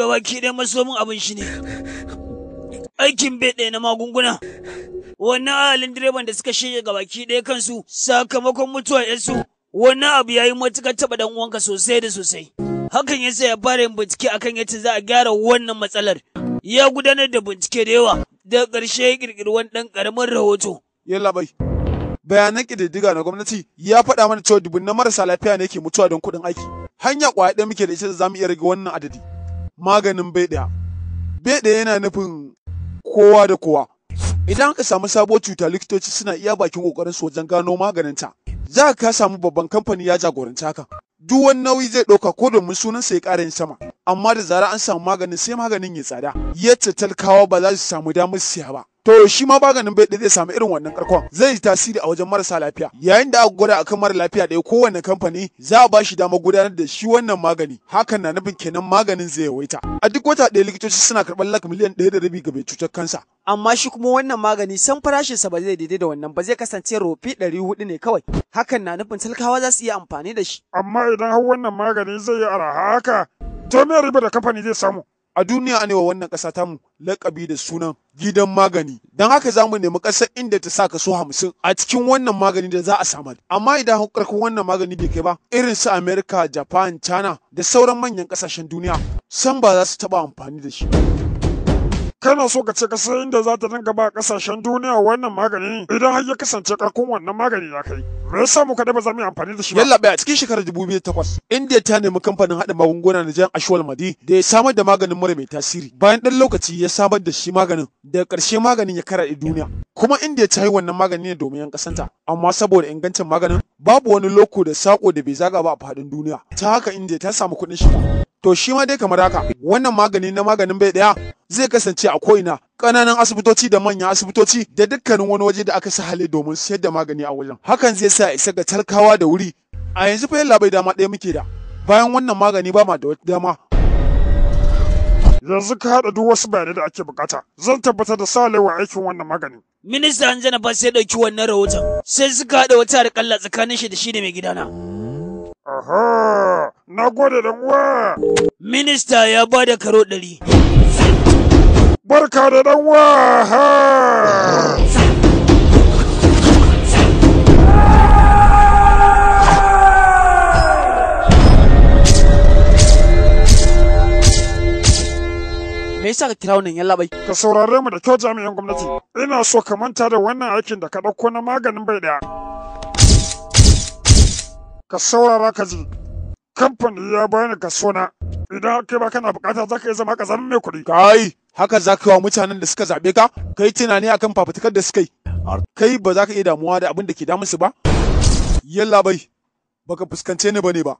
[SPEAKER 1] gaba ki dai masomin abin shi ne aikin bai ɗaya na magunguna wannan ahalin direban da suka shirya gaba ki ɗaya kansu sakamakon mutuwa yansu wannan abu ya yi matuƙar taɓa ɗan uwanka sosai da sosai hakan yasa ya fara yin bincike akan yadda za a gyara wannan matsalar ya gudanar da bincike da yawa daga ƙarshe ya ƙirƙiri wani ɗan ƙaramin rahoto yalla bai
[SPEAKER 2] bayanan ƙididdiga na gwamnati ya faɗa mana cewa dubunnan marasa lafiya ne ke mutuwa don kuɗin aiki. Hanya ƙwaya ɗaya muke da ita da za mu iya rage wannan adadi. maganin bai ɗaya. Bai ɗaya yana nufin kowa da kowa. Idan aka samu sabuwar cuta likitoci suna iya bakin kokarin su wajen gano maganinta. Za ka samu babban kamfani ya jagoranci haka. Duk wani nauyi zai ɗauka ko domin sunan sai ƙara yin sama. Amma da zara an samu maganin sai maganin ya tsada. Yadda talakawa ba za su samu damar siya ba. to shi ma maganin bai zai samu irin wannan karkon zai yi tasiri a wajen marasa lafiya yayin da aka gwada akan mara lafiya ɗaya kowane kamfani za a ba shi dama gudanar da shi wannan magani hakan na nufin kenan maganin zai yawaita a duk wata ɗaya likitoci
[SPEAKER 1] suna karɓar lak miliyan ɗaya da rabi ga mai cutar kansa amma shi kuma wannan magani san sa ba zai daidai da wannan ba zai kasance rofi ɗari hudu ne kawai hakan na nufin talakawa za su iya amfani da shi amma idan har wannan magani zai yi arha haka to me riba da kamfani zai samu a duniya
[SPEAKER 2] ne wa wannan ƙasa tamu lakabi da sunan gidan magani don haka za mu nemi ƙasar inda ta sa kaso hamsin a cikin wannan magani da za a samar amma idan ƙarfin wannan magani bai kai ba irin su amerika japan china da sauran manyan ƙasashen duniya san ba za su taɓa amfani da shi ba Kana so ka ce kasar inda za ta dinga ba kasashen duniya wannan magani
[SPEAKER 6] idan har ya kasance karkon wannan magani ya kai. Me yasa mu kada ba za mu yi amfani da shi ba? Yallaɓe
[SPEAKER 2] a cikin shekarar 2008 India ta nemi kamfanin haɗa magunguna na jan Ashwal Madi da ya samar da maganin mura mai tasiri. Bayan dan lokaci ya samar da shi maganin daga ƙarshe maganin ya karaɗe duniya. Kuma India ta yi wannan magani ne domin 'yan kasanta. amma saboda ingancin maganin babu wani loko da sako da bai zaga ba a fadin duniya. Ta haka India ta samu kuɗin shiga. To shi ma dai kamar haka, wannan magani na maganin bai daya zai kasance a ko'ina kananan asibitoci da manyan asibitoci da dukkanin wani waje da aka sa hali domin sayar da magani a wajen. Hakan zai sa isa ga talkawa da wuri. A yanzu fa yalla dama ɗaya muke da. Bayan wannan magani ba ma da wata dama. Yanzu ka haɗa duk wasu bayanai da ake bukata. Zan tabbatar da salewa aikin wannan magani.
[SPEAKER 1] Minista jana ba sai ɗauki wannan rahoton. Sai suka haɗa wata harƙalla tsakanin shi da shi da mai gidana.
[SPEAKER 5] Aha, na gode da uwa. Minista ya ba da karo ɗari.
[SPEAKER 6] Barka da ɗan uwa. Me yasa ka kira wannan yallaɓai? Ka saurare mu da kyau jami'an gwamnati. Ina so ka manta da wannan aikin da ka ɗauko na maganin bai ɗaya. ka saurara ka ji
[SPEAKER 2] kamfani ya bani kaso na idan kai ba kana bukata za ka yi zama ka zama mai kuɗi. kai haka za ka yi wa mutanen da suka zaɓe ka kai tunani akan fafutukar da suka yi kai ba za ka iya damuwa da abin da ke damunsu ba yalla bai baka fuskance ni bane ba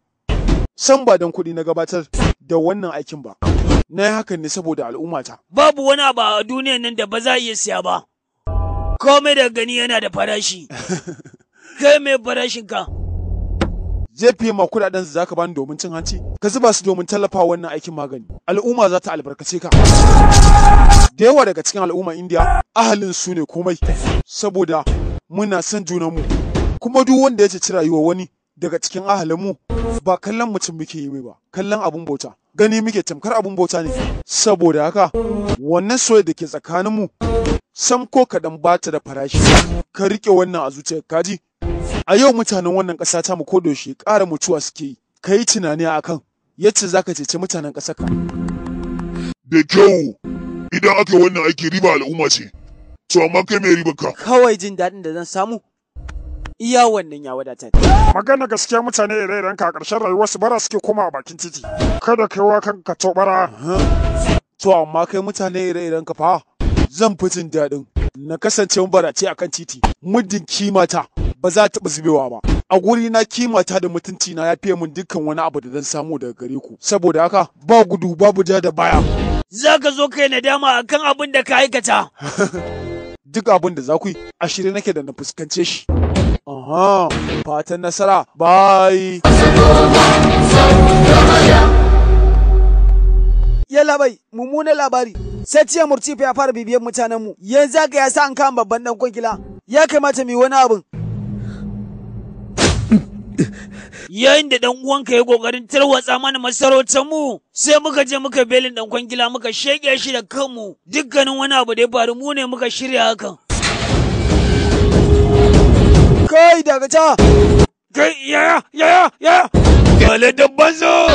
[SPEAKER 2] san ba don kuɗi na gabatar da wannan aikin ba na yi hakan ne saboda
[SPEAKER 1] al'ummata babu wani abu a duniyan nan da ba za a iya siya ba komai da gani yana da farashi [LAUGHS] kai mai farashin ka fiye ma
[SPEAKER 2] kudaden za ka bani domin cin hanci ka zuba su domin tallafa wannan aikin magani al'umma za ta albarkace ka da yawa daga cikin al'umma indiya ahalin su ne komai saboda muna son junanmu kuma duk wanda ya ci rayuwar wani daga cikin ahalinmu ba kallon mutum muke yi mai ba kallon abun bauta gani muke tamkar abun bauta ne saboda haka wannan soyayya da ke tsakaninmu sam ko kaɗan ba ta da farashi ka riƙe wannan a zuciyar kaji a yau mutanen wannan ƙasa ta mu kodoshe ƙara mutuwa suke
[SPEAKER 9] yi ka yi tunani a kan yadda za ka cece mutanen ƙasar ka. da kyau idan aka wannan aiki riba al'umma ce to amma kai mai riba ka. kawai jin
[SPEAKER 1] daɗin da zan samu iya wannan ya wadatar. magana gaskiya mutane ire-iren ka a
[SPEAKER 6] ƙarshen su bara suke koma a bakin titi
[SPEAKER 2] kada kai wa kanka bara. to amma kai mutane ire-iren ka fa zan fi jin daɗin na kasance barace a kan titi muddin kimata ba za ta zubewa ba a guri na kimata da mutunci na ya fiye min dukkan wani abu da zan samu daga gare ku saboda haka ba gudu babu ja da baya
[SPEAKER 1] za ka zo kai nadama akan abin da ka aikata
[SPEAKER 2] [LAUGHS] duk abin da za ku yi a shirye nake da na fuskance shi aha fatan nasara bye
[SPEAKER 1] yalla bai mummunan labari sai ciya murtifa ya fara bibiyan mutanen mu yanzu haka ya sa an kama babban dan kwangila ya kamata mu wani abin yayin da dan uwanka ya kokarin tarwatsa mana masarautar mu sai muka je muka belin dan kwangila muka shege shi da kanmu dukkanin wani abu da ya faru mu ne muka shirya hakan kai daga ta kai yaya yaya yaya
[SPEAKER 5] kale dabban zo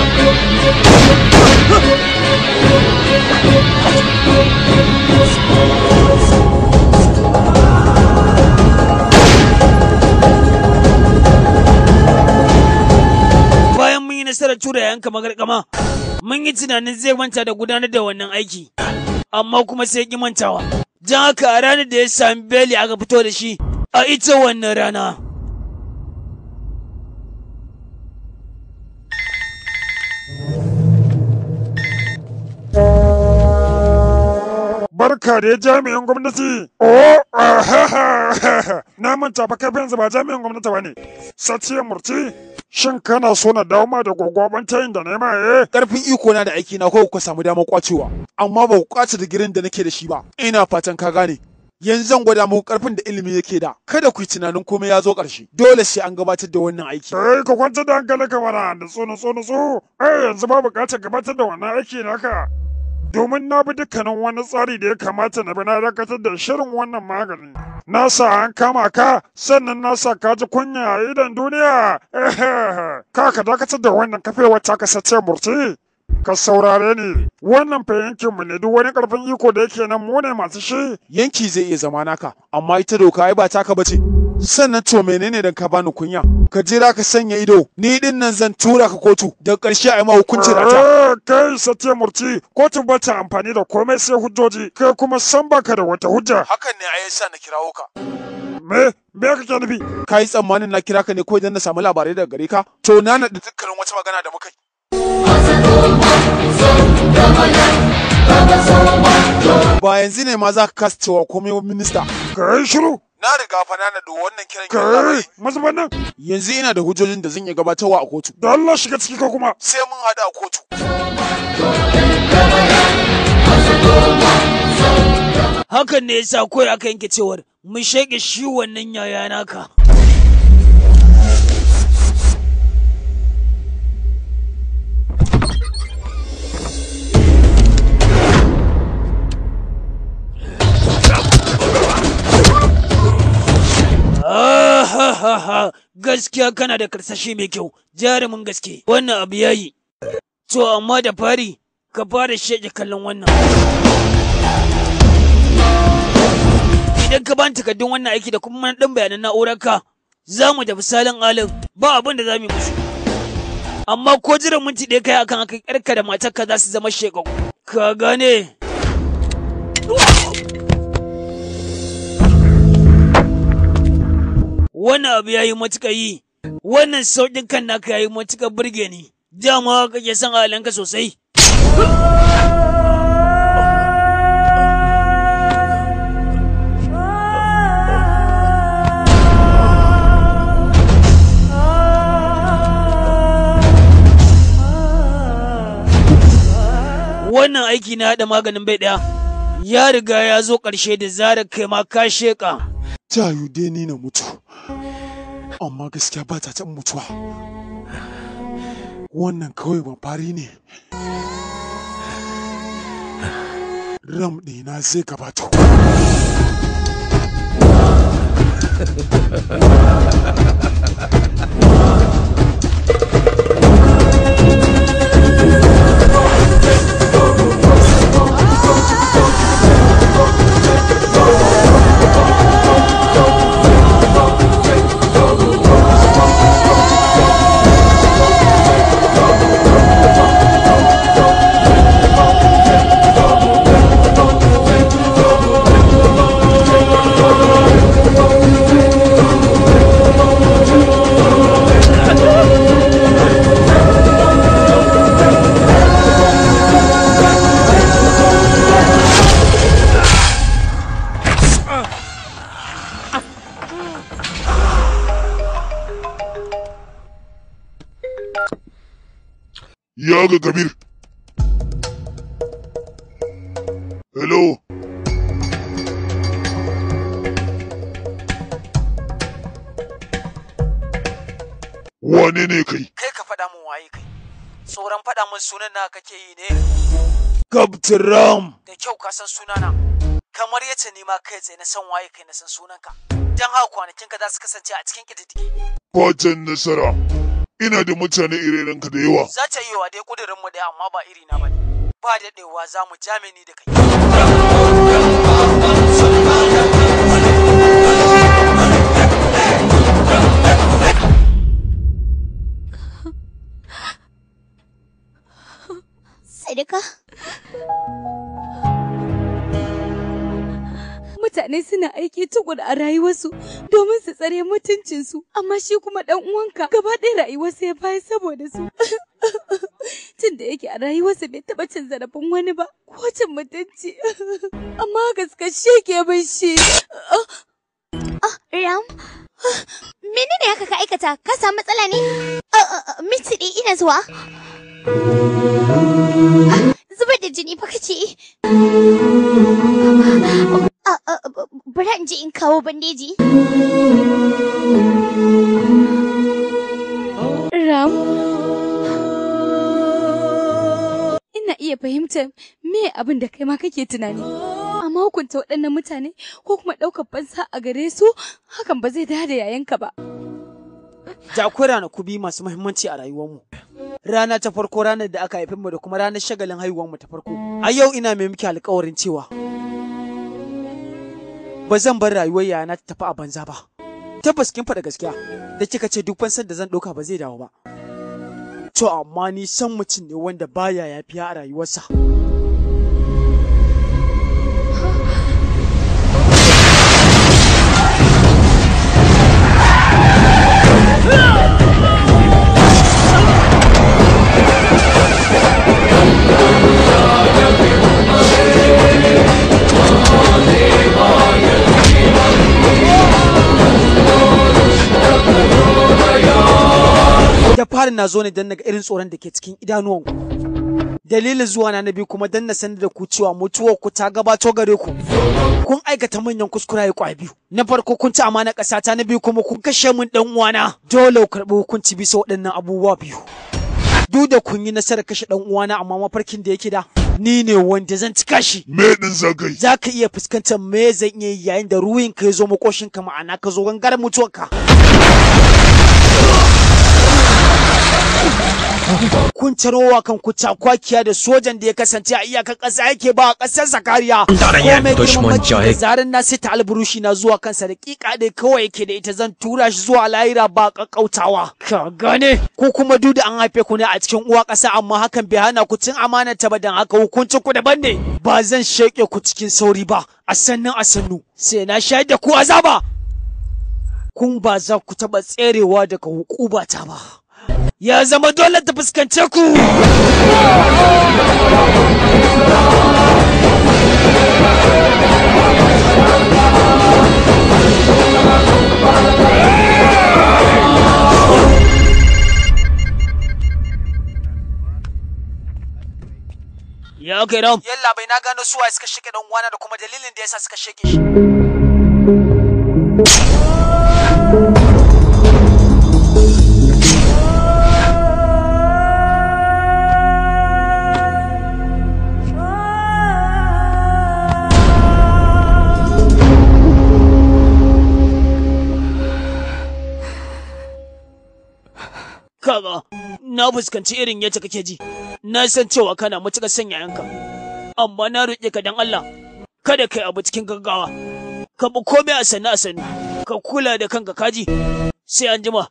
[SPEAKER 1] bayan nasarar tura yanka magarkama mun yi tunanin zai manta da gudanar da wannan aiki amma kuma sai ki mantawa don haka a ranar da ya sami beli aka fito da shi a ita wannan rana
[SPEAKER 6] barka da jami'in gwamnati. Oh, na manta fa kai yanzu ba jami'in gwamnati ba ne. Satiya Murti, shin kana so na
[SPEAKER 2] dawo ma da gwagwaban tayin da na ma eh? Karfin iko na da aiki na ko ku samu damar kwacewa, amma ba ku kwace digirin da nake da shi ba. Ina fatan ka gane. yanzu zan gwada muku karfin da ilimi yake da kada ku yi tunanin komai ya zo ƙarshe dole sai an gabatar da wannan aiki eh ku kwanta da hankali ka
[SPEAKER 6] da tsono tsono tso eh yanzu ba buƙatar gabatar da wannan aiki naka domin na bi dukkanin wani tsari da ya kamata na bi na dakatar da shirin wannan magani. Na sa an kama ka sannan na sa ka ji kunya a idon duniya. Ka ka dakatar da wannan kafewar ta kasance murti. Ka saurare ni, wannan fa mu ne duk
[SPEAKER 2] wani karfin iko da yake nan mu ne masu shi. Yanki zai iya zama naka, amma ita doka ai ba taka bace. sannan to menene dan ka bani kunya ka jira ka sanya ido ni din nan zan tura ka kotu da ƙarshe a yi ma hukunci da ta ah, kai
[SPEAKER 6] sate murci kotu ba ta amfani da
[SPEAKER 2] komai sai hujjoji kai kuma san baka da wata hujja
[SPEAKER 7] hakan ne a yasa na kirawo ka
[SPEAKER 2] me me ka kake nufi kai tsammanin na kira ka ne ko idan na samu labarai daga gare ka to na naɗa dukkanin wata magana da muka yi ba yanzu ne ma za ka kasa cewa komai minista ka yi shiru na riga fa na nado wannan kiran kai mazuban nan yanzu ina da hujjojin da zan iya gabatarwa a kotu da Allah shiga ciki ka kuma sai mun hada a kotu
[SPEAKER 1] hakan ne yasa koyi aka yanke cewar mun shege shi wannan yaya naka ha gaskiya kana da karsashi mai kyau jarumin gaske wannan abu yayi to amma da fari ka fara shege kallon wannan idan ka bani takardun wannan aiki da kuma ɗan bayanan na'urar ka, za mu tafi salin alin ba abin da za mu yi musu amma ko jiran minti ɗaya kai akan aka ƙyarka da matarka za su zama shekaru ka gane wannan abu ya yi matuƙa yi wannan sauƙin kan naka yayi matuƙa burge ni dama kake son alanka sosai wannan aiki na haɗa maganin bai ɗaya ya riga ya zo ƙarshe da zarar kai ma ka sheƙa ta dai
[SPEAKER 2] ni na mutu amma gaskiya ba ta taɓa mutuwa wannan kawai ban fari ne ram ɗina zai gabato
[SPEAKER 7] Oh! [LAUGHS]
[SPEAKER 9] kira ga Wane ne kai? Kai ka
[SPEAKER 1] faɗa min waye kai. Tsoron faɗa min sunan na kake yi ne.
[SPEAKER 9] Captain Ram.
[SPEAKER 1] Da kyau ka san sunana. Kamar yace ni ma kai tsaye na san waye kai na san sunanka. Dan haka kwanakin ka za su kasance a cikin kididdige
[SPEAKER 9] Fatan nasara. ina da mutane irin ka da yawa. Za
[SPEAKER 1] ta yi wa dai mu ɗaya amma ba iri na bane. Ba daɗewa za mu jamini da
[SPEAKER 7] kai.
[SPEAKER 4] mutane suna aiki tukur a rayuwarsu domin su tsare mutuncinsu amma shi kuma dan uwanka gaba ɗaya rayuwarsa ya baya saboda su [LAUGHS] tun da yake a rayuwarsa bai taɓa cin zarafin wani ba ko cin mutunci [LAUGHS] amma gaske shi ke bin shi ah,
[SPEAKER 3] ram menene haka ka aikata ka samu matsala ne ah, ah, mitidi ina zuwa zubar da jini fa kace Bari in je in kawo bandeji.
[SPEAKER 4] Ina iya fahimtar me abin da kai ma kake tunani. Amma hukunta waɗannan mutane ko kuma ɗaukar fansa a gare su hakan ba zai dada yayanka ba.
[SPEAKER 1] Da akwai masu muhimmanci a rayuwarmu. Rana ta farko ranar da aka haife mu da kuma ranar shagalin haihuwarmu ta farko. A yau ina mai miki alkawarin cewa ba zan bar rayuwar yana ta tafi a banza ba tabbas kin faɗa gaskiya da kika ce duk fansan da zan ɗauka ba zai dawo ba to amma ni san mutum ne wanda baya yafiya a rayuwarsa da fari na zo ne don naga irin tsoron da ke cikin idanuwan ku. dalilin zuwa na nabi kuma don na sanar da ku cewa mutuwar ku ta gabato gare ku kun aikata manyan kuskuraye kwa biyu na farko kun ci amana ƙasa ta na biyu kuma kun kashe min dan uwana dole ku karɓi hukunci bisa waɗannan abubuwa biyu duk da kun yi nasarar kashe dan uwana amma mafarkin da yake da ni ne wanda zan
[SPEAKER 9] cika shi. Me din zagai?
[SPEAKER 1] Za ka iya fuskantar me zan iya yayin da ruwin ka ya zo makoshin ka ma'ana ka zo gangar ka Kun wa kan kwakiya da sojan da ya kasance a iyakar kasa yake ba ƙasarsa kariya komai girman mace da zarar na sita alburushi na zuwa kansa da ƙiƙa ɗaya kawai yake da ita zan tura shi zuwa lahira ba ƙaƙƙautawa ka gane ko kuma duk da an haife ku ne a cikin uwa ƙasa amma hakan bai hana ku cin amanar ta ba dan haka hukuncin ku daban ne ba zan sheƙe ku cikin sauri ba a sannan a sannu sai na shayar da ku azaba kun ba za ku taɓa tserewa daga hukubata ba. ya zama dole ta fuskance ku Ya okay don. Yalla bai na gano suwa suka shike dan wana da kuma dalilin da ya sa suka shike shi. Kaga, na fuskanci irin yadda kake ji, na san cewa kana matuƙar son yayanka, amma na roƙe ka don Allah, kada kai abu cikin gaggawa, ka bi komai a sannu a sannu, ka kula da kanka kaji, sai an jima.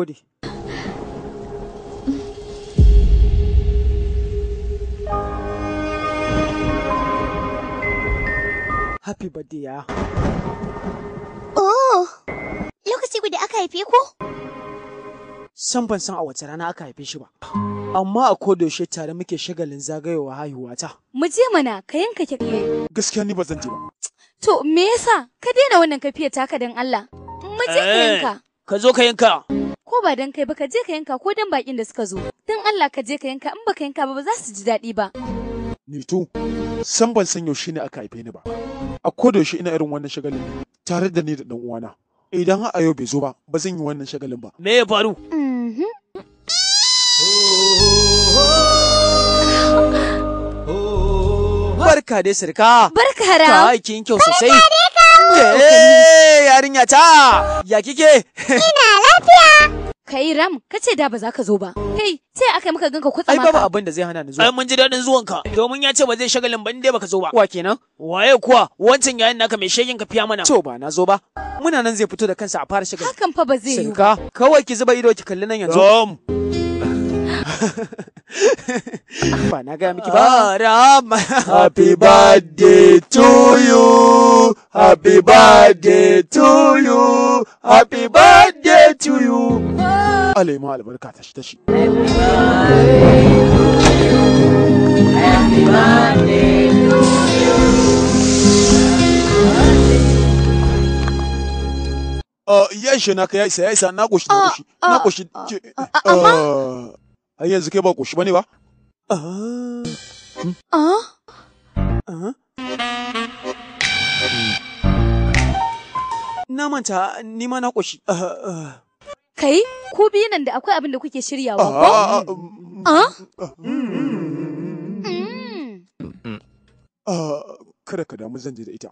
[SPEAKER 1] gode. Happy birthday ya.
[SPEAKER 3] Oh, lokaci guda aka haife ku?
[SPEAKER 1] San ban san a wace rana aka haife shi ba. Amma a ko yaushe tare muke shagalin zagayowa haihuwata.
[SPEAKER 4] Mu je mana ka yanka ki
[SPEAKER 1] Gaskiya ni ba zan je ba.
[SPEAKER 4] To me yasa ka daina wannan kafiyar taka dan Allah?
[SPEAKER 1] Mu je ka eh, yanka. Ka zo ka yanka.
[SPEAKER 4] ko ba dan kai ba ka je ka yanka ko dan bakin da suka zo dan Allah ka je ka yanka in baka yanka ba ba za su ji daɗi ba
[SPEAKER 2] ni to san ban san yaushe ne aka haife ni ba a koda shi ina irin wannan shagalin tare da ni da dan uwana idan har a yau bai zo ba ba zan yi wannan shagalin ba
[SPEAKER 5] me ya faru mhm.
[SPEAKER 1] Barka dai sirka. Barka ra. Ta kin kyau sosai. Barka
[SPEAKER 4] dai ka. yarinya ta ya kike [LAUGHS] ina lafiya kai ram kace da ba za ka zo ba kai sai aka maka ganka kutsa ai babu abin da zai hana ni
[SPEAKER 1] zuwa ai mun ji dadin zuwan ka domin ya ce ba zai shagalin ban dai baka zo ba wa kenan waye kuwa wancan yayin naka mai shegin ka fiya mana to ba na zo ba muna nan zai fito da kansa a fara shagalin
[SPEAKER 4] hakan fa ba zai yi
[SPEAKER 1] ba kawai ki zuba ido ki kalli nan yanzu ba na gaya miki happy birthday to you happy
[SPEAKER 2] birthday to you happy
[SPEAKER 1] birthday to you alaimu albarka tashi tashi
[SPEAKER 7] happy
[SPEAKER 2] birthday to you ya ishe naka ya isa ya isa na koshi na koshi na koshi amma har yanzu kai ba ƙoshi ba ne ah. ba? Ah?
[SPEAKER 1] Hmm. Ah.
[SPEAKER 4] Na manta ni ma na ƙoshi. Kai, ku biyu nan da akwai abin da kuke shiryawa ko? Mm.
[SPEAKER 2] Mm. Mm. Kada ka damu zan je da ita.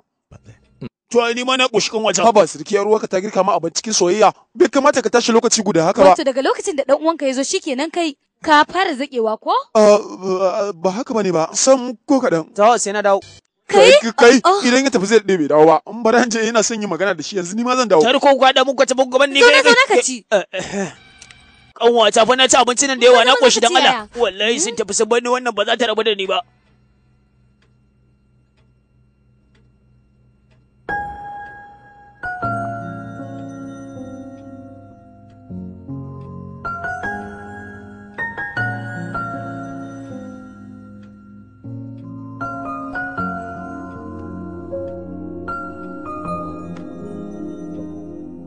[SPEAKER 2] To ni ma na koshi kan wajen. Haba sirki ya ruwa ka ta girka ma abin cikin soyayya. Bai kamata ka tashi lokaci guda haka ba. Wato
[SPEAKER 4] daga lokacin da dan uwanka ya zo shikenan kai Ka fara zaƙewa ko?
[SPEAKER 2] Ah, ba haka ba ne ba, san ko kaɗan. Zawo sai na dawo. Kai? Kai, ah, ah. idan ya tafi zai ɗebe dawo ba, in bari an
[SPEAKER 1] yana son yi magana da shi yanzu ni ma zan dawo. Tare ko gwaɗa mun kwace mun gaban ne. Zo na zo na ka ci. Eh, eh, eh. Ƙanwa ta fa na ci abinci nan da yawa na ƙoshi don Allah. Wallahi sun tafi sun bani wannan ba za ta rabu da ni ba.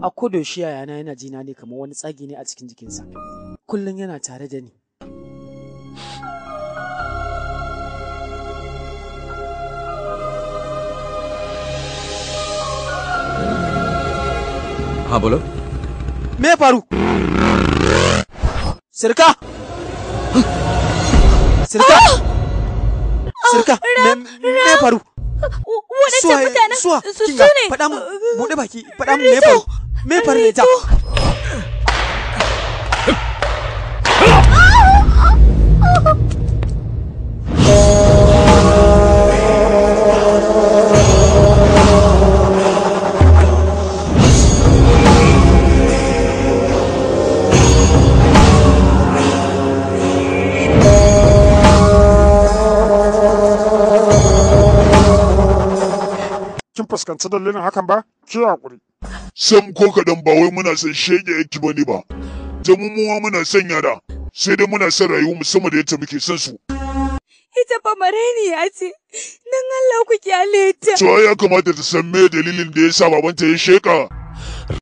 [SPEAKER 1] a kudu shi yayana yana jina ne kamar wani tsagi ne a cikin jikinsa kullum yana tare da ni हाँ bolo. me faru. sirka sirka सिरका मैं waɗancan mutanen su ne faɗa mu buɗe baki faɗa mu me faru
[SPEAKER 9] fuskanci dalilin hakan ba ki hakuri sam ko kadan ba wai muna son shege yake bane ba ta mumuwa muna son yara sai dai muna son rayuwar mu sama da yadda muke son su
[SPEAKER 4] ita ba ya ce nan Allah ku ki ta to ya
[SPEAKER 9] kamata ta san me dalilin da yasa babanta ya sheka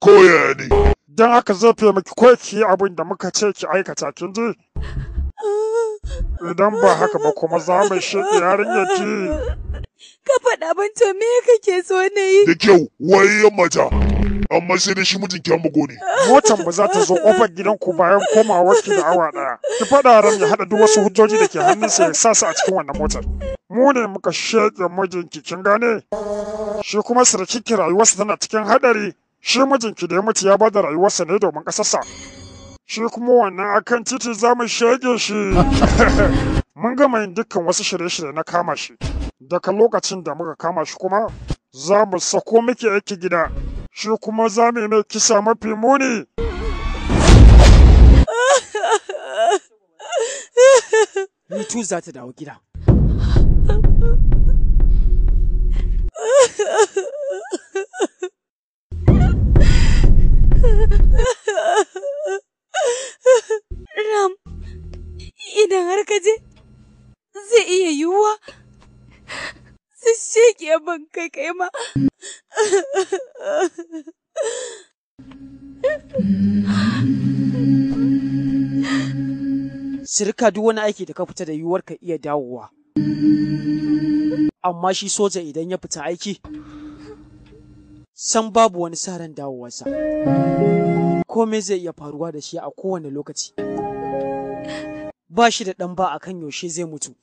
[SPEAKER 9] ko ne dan haka zai fiye miki ko ki abin
[SPEAKER 6] da muka ce ki aikata kin ji ah. Idan ba haka ba kuma za mu
[SPEAKER 9] shaƙe yarinya ce.
[SPEAKER 4] Ka faɗa ban to me kake so na Da kyau,
[SPEAKER 9] waye mata. Amma sai da shi mijin kyan ambugo ne. Motan ba za ta zo gidan gidanku
[SPEAKER 6] bayan komawa ki da awa ɗaya. Ki faɗa ran ya haɗa duk wasu hujjoji da ke hannunsa ya sa su a cikin wannan motar. Mu ne muka shaƙe mijinki kin gane? Shi kuma sirkinki rayuwarsa tana cikin haɗari. Shi mijinki da ya mutu ya ba da rayuwarsa ne domin ƙasarsa. shi kuma wannan akan titi za mu shege shi. [LAUGHS] Mun gama yin dukkan wasu shirye-shirye na kama shi. Daga lokacin da muka kama shi kuma za mu sako muke aiki gida. Shi kuma za mu yi kisa mafi muni.
[SPEAKER 1] Mutu, za ta dawo gida.
[SPEAKER 4] [LAUGHS] Ram, idan har ka je, zai iya yiwuwa su sheke ban kai kai ma.
[SPEAKER 1] Sirka duk wani aiki da ka fita da yiwuwar ka iya dawowa. Amma shi soja idan ya fita aiki, san babu wani sa ran dawowarsa. komai zai iya faruwa da shi a kowane lokaci. Ba shi da ɗan ba a kan yaushe zai mutu.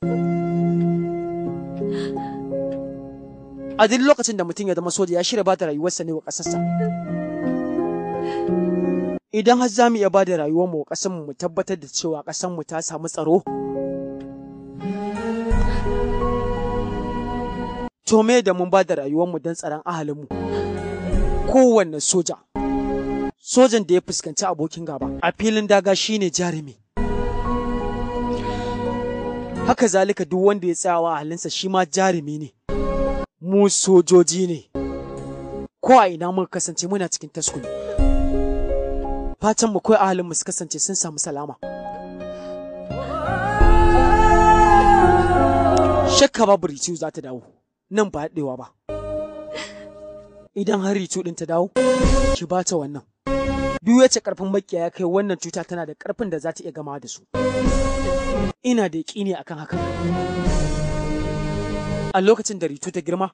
[SPEAKER 1] A duk lokacin da mutum ya zama soja ya shirya ba da rayuwarsa ne wa ƙasarsa. Idan har za mu iya ba da rayuwarmu wa ƙasarmu mu tabbatar da cewa ƙasarmu ta samu tsaro. To me da mun ba da mu don tsaron ahalinmu. Kowanne soja. sojan da ya fuskanci abokin gaba a filin daga shine jarumi haka zalika duk wanda ya tsayawa a halinsa shi ma jarumi ne mu sojoji ne ko a ina muka kasance muna cikin taskuni fatan mu kai ahalin su kasance sun samu salama shakka babu ritu za ta dawo nan ba daɗewa ba idan har ritu ɗin ta dawo ki bata wannan duk yace karfin makiya ya kai wannan cuta tana da karfin da za ta iya gama da su ina da yaƙini akan hakan a lokacin da ritu ta girma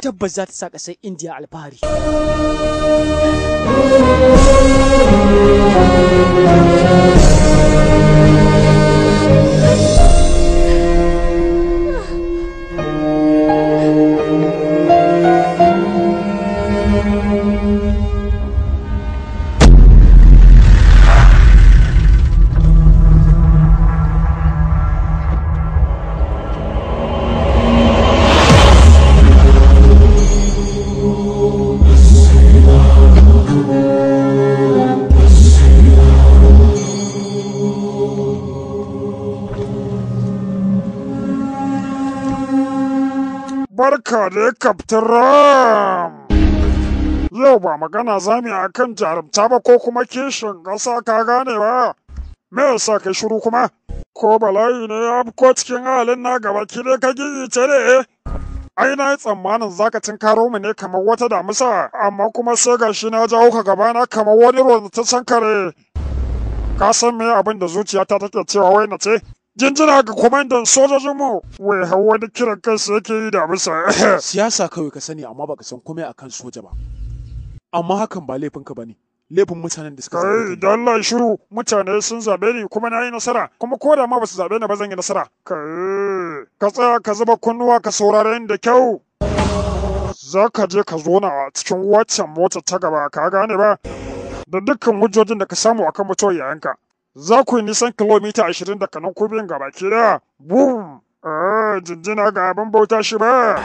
[SPEAKER 1] tabbas za ta sa ƙasar indiya alfahari
[SPEAKER 6] Barka da Kaftin Ram! Yau ba magana za mu yi a kan jarumta ba ko kuma kishin ƙasa ka gane ba. Me yasa ka shiru kuma? Ko bala'i ne ya ko cikin halin na gaba ki dai ka ce ne? Eh? Ai na yi tsammanin zaka karo mu ne kamar wata damisa, amma kuma sai ga shi na jawo ka gaba na kamar wani ta kare. Ka san me abin da zuciyata take cewa wai na ce? jinjina ga kwamandan
[SPEAKER 2] mu. wai hawa da kiran kansa yake yi da bisa [COUGHS] siyasa kawai ka sani amma baka san komai akan soja ba amma hakan ba laifinka ba ne laifin mutanen da suka zaɓe ni. da Allah shiru mutane sun
[SPEAKER 6] zaɓe ni kuma na yi nasara kuma ko da ma ba su zaɓe ni ba zan yi nasara. Kai, ka tsaya ka zuba kunnuwa ka saurare ni da kyau. Za ka je ka zo na a cikin waccan mota ta gaba ka gane ba? Da dukkan hujjojin da ka samu akan mutuwar yayanka za ku yi nisan kilomita ashirin daga nan kubin gabaki da? Bum!
[SPEAKER 1] Ah, jinjina ga abin bauta shi ba.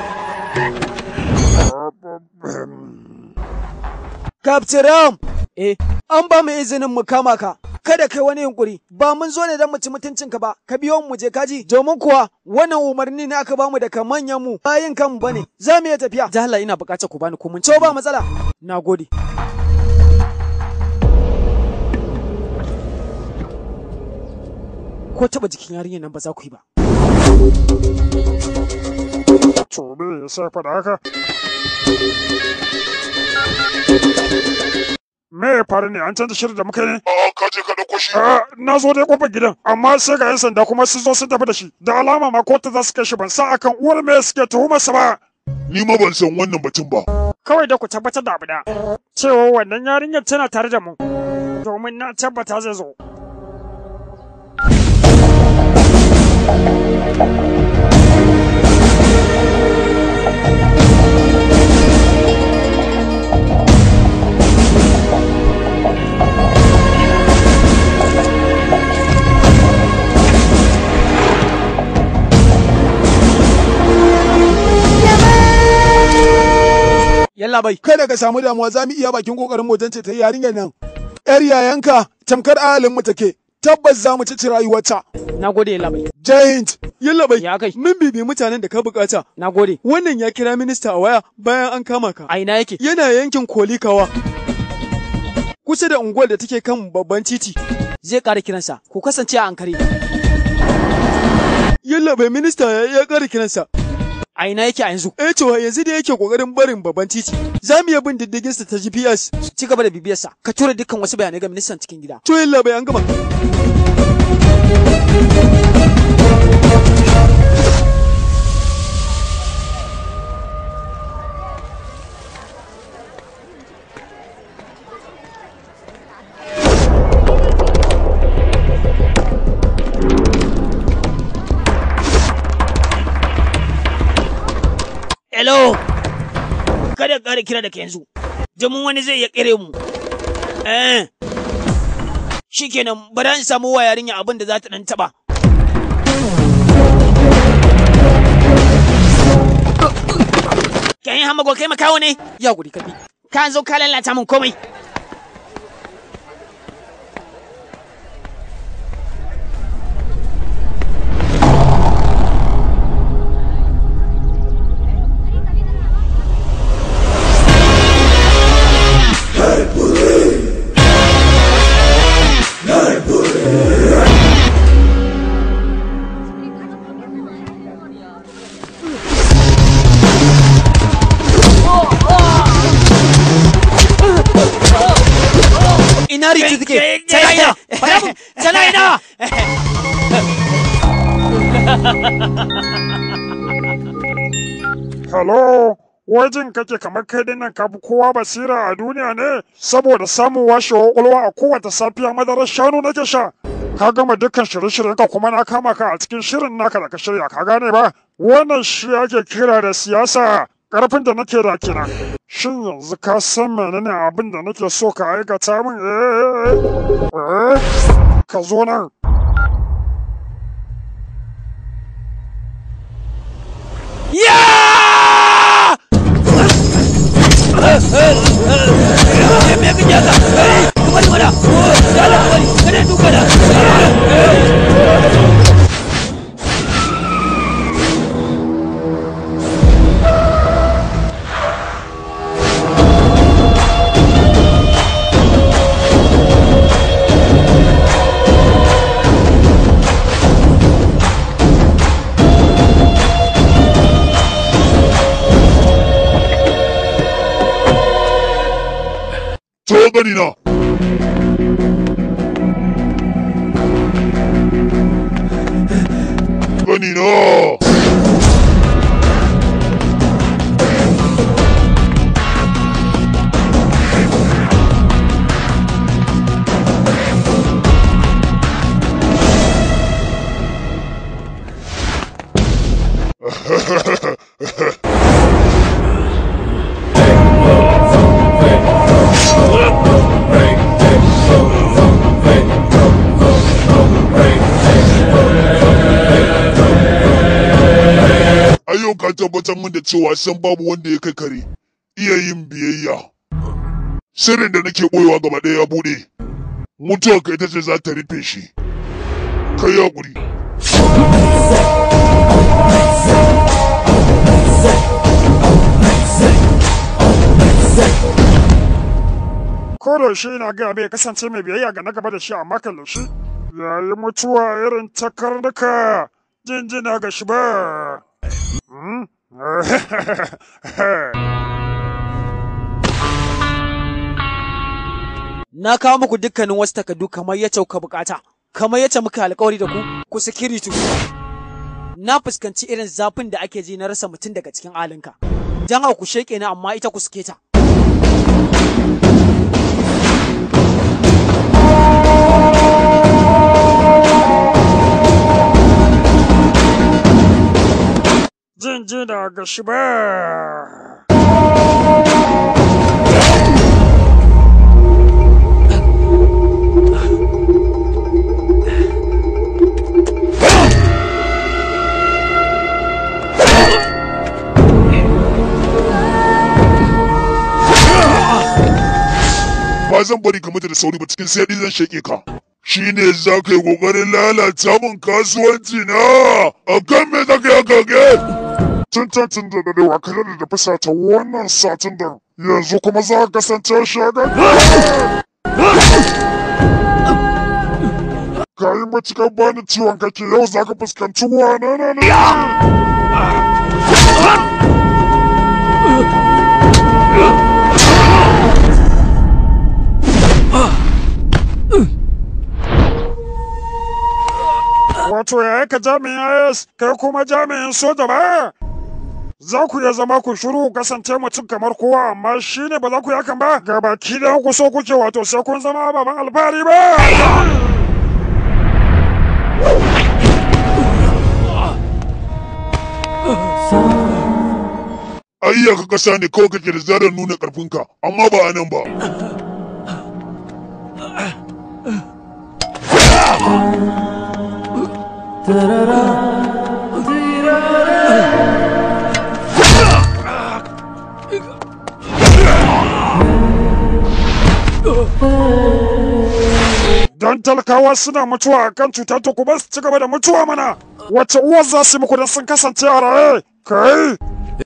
[SPEAKER 1] Ah, Ram! Eh, an ba mu izinin mu kama ka. Kada kai wani yunkuri, ba mun zo ne don mu ci mutuncinka ba, ka biyo mu je kaji, domin kuwa wannan umarni ne aka bamu daga manyan mu bayan kanmu bane, za mu iya tafiya. jahala ina bukatar ku bani ci To ba matsala. Na gode. ko taba jikin yarinyar nan ba za ku yi ba to me sa faɗa haka
[SPEAKER 6] me ya faru ne an canza shirin da muka ne a ka je ka dauko shi na zo dai kofar gidan amma sai ga yan sanda kuma sun zo sun tafi da shi da alama ma kotu za su kai shi ban sa akan uwar me suke tuhumar sa ba ni ma ban san wannan batun ba
[SPEAKER 5] kawai da ku tabbatar da abu da cewa wannan yarinyar tana tare da mu domin na tabbata zai zo
[SPEAKER 2] Yalla bai. Kada ka samu damuwa za mu iya bakin kokarin mu ce ta yarinyar nan. ‘Yar yayanka tamkar ahalin mu take.
[SPEAKER 1] tabbas za mu ci rayuwarta. Na gode labai. Giant, yin labai. Ya kai. Mun bibi mutanen da ka bukata. Na gode. Wannan ya kira minista a waya bayan an kama ka. A ina yake? Yana yankin Kolikawa. Kusa da unguwar da take kan babban titi. Zai ƙara kiransa. Ku kasance a hankali. Yin labai minista ya ƙara kiransa. a ina yake a yanzu eh to yanzu da yake kokarin barin babban titi za mu iya bin diddigin sa ta GPS ci gaba da bibiyar sa ka tura dukkan wasu bayanai ga ministan cikin gida to yalla an gama kada ka ƙara kira daga yanzu domin wani zai ya kire mu eh shikenan bari in samu wa yarinya abin da za ta dan taba kai hamago kai makawo ne ya guri kafi ka zo ka lalata min komai
[SPEAKER 6] wajen kake kamar kai dinnan nan kafi kowa basira a duniya ne saboda samun washewar kwakwalwa a kowace safiya madarar shanu nake sha. Ka gama dukkan shirye-shiryenka kuma na kama ka a cikin shirin naka da ka shirya ka gane ba. Wannan shi ake kira da siyasa karfin da nake da kina Shin yanzu ka san menene abin da nake so ka aikata min? Eh, eh, eh, eh. Ka zo nan.
[SPEAKER 1] yaka kuma da mana kada kuma kada duka da
[SPEAKER 9] dawo gani tabbatar min da cewa san babu wanda ya kai kare iya yin biyayya. Sirrin da nake boyewa gaba ɗaya ya buɗe. Mutuwar ka ita ce za ta rufe shi. Kai ya guri
[SPEAKER 6] shi yana gaya bai kasance mai biyayya ga na gaba da shi amma kallon shi. Yayi mutuwa irin takarnuka jinjina ga shi ba. [LAUGHS]
[SPEAKER 1] Na kawo muku dukkanin wasu takardu kamar yacce kuka bukata, kamar yacce muka alkawari da ku, ku security. Na fuskanci irin zafin da ake ji na rasa mutum daga cikin alinka. Don a ku sheke na amma ita ku suke ta.
[SPEAKER 7] ba.
[SPEAKER 9] zan bari ka mutu da sauri ba cikin sai zan shake ka. Shi ne za ka yi ƙoƙarin lalata min kasuwanci na a kan me za ka yi tun tatin da dadewa ka da fasa sata wannan satin da yanzu kuma za ka kasance shagar ka yi matukar bani ciwon kake yau za ka fuskanci wane ne ne
[SPEAKER 6] Wato yaya ka jami'in IS kai kuma jami'in soja ba? za ku iya zama ku shiru kasance mutum kamar kowa amma shi ne ba za ku yi hakan ba ga baki da ku so kuke wato sai kun zama ababen alfahari ba.
[SPEAKER 9] Ayyaka kasa ne kawai kake da zarar nuna ƙarfinka, amma ba a nan ba. Ta-da-da!
[SPEAKER 6] don talakawa suna mutuwa a kan cutar ta kuma su ci gaba da mutuwa mana Wace uwar za su muku sun kasance a raye kai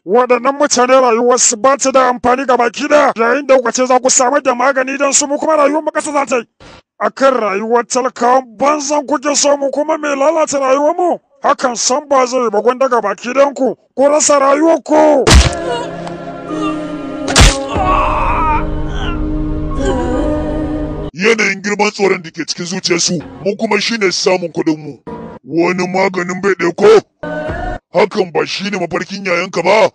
[SPEAKER 6] waɗannan mutane rayuwarsu ba ta da amfani ga baki da yayin da kuka ce za ku samar da magani don su mu kuma rayuwar mu kasa za ta yi A kan rayuwar talakawan banzan kuke so mu kuma mai lalata rayuwar mu hakan san ba zai ba gwanda ga baki ku ku rasa rayuwar ku
[SPEAKER 9] yanayin girman tsoron da ke cikin zuciyarsu mu kuma shine samun kuɗin mu wani maganin bai ɗaya ko hakan ba shine mafarkin yayanka ba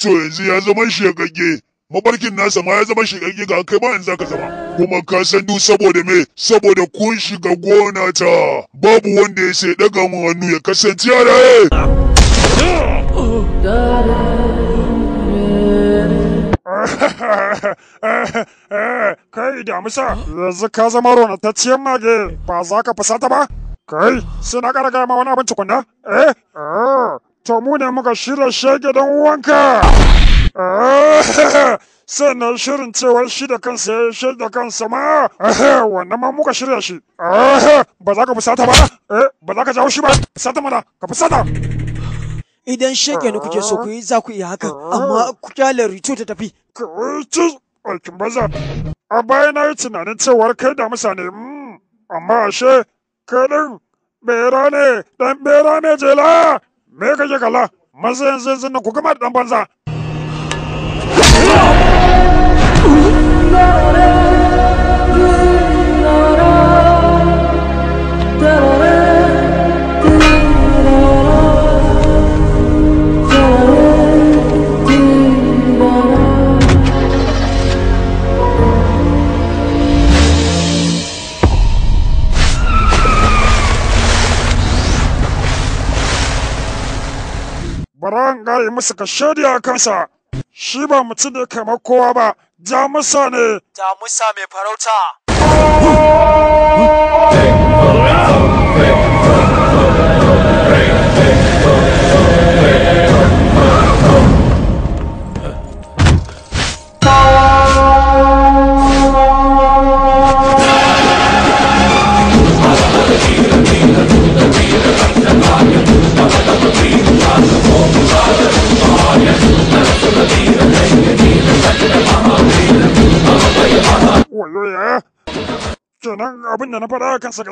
[SPEAKER 9] to yanzu ya zama shegagge mafarkin nasa ma ya zama shegagge ga kai ma yanzu ka zama kuma ka san du saboda me saboda kun shiga gona ta babu wanda ya sai daga mu hannu ya kasance a raye
[SPEAKER 6] Kai damisa, yanzu ka zama rona ta ciyan mage, ba za ka fusata ba? Kai, sai na ƙara gama wani abin tukunna? Eh, ah, to mu ne muka shirya shege don uwanka. Ah, [LAUGHS] Sannan shirin cewar shi da kansa ya shi da kansa ma, ah, wannan ma muka shirya shi. Ba za ka fusata ba? Eh, ba za ka jawo shi ba? Fusata mana, ka fusata! Idan shege ne kuke so ku yi za ku iya hakan, amma ku kyale rito ta tafi. Ritu aikin baza. A baya na yi tunanin cewar kai da musa ne, hmm, amma ashe kai ɗin bera ne, ɗan bera mai jela. Me kake kala? Maza yanzu yanzu ku gama da ɗan banza. bara in gaya musu ka shaidi kansa shi ba mutum da kamar kowa ba jamusa ne jamusa mai farauta
[SPEAKER 7] Oye, kenan abin da na faɗa kansa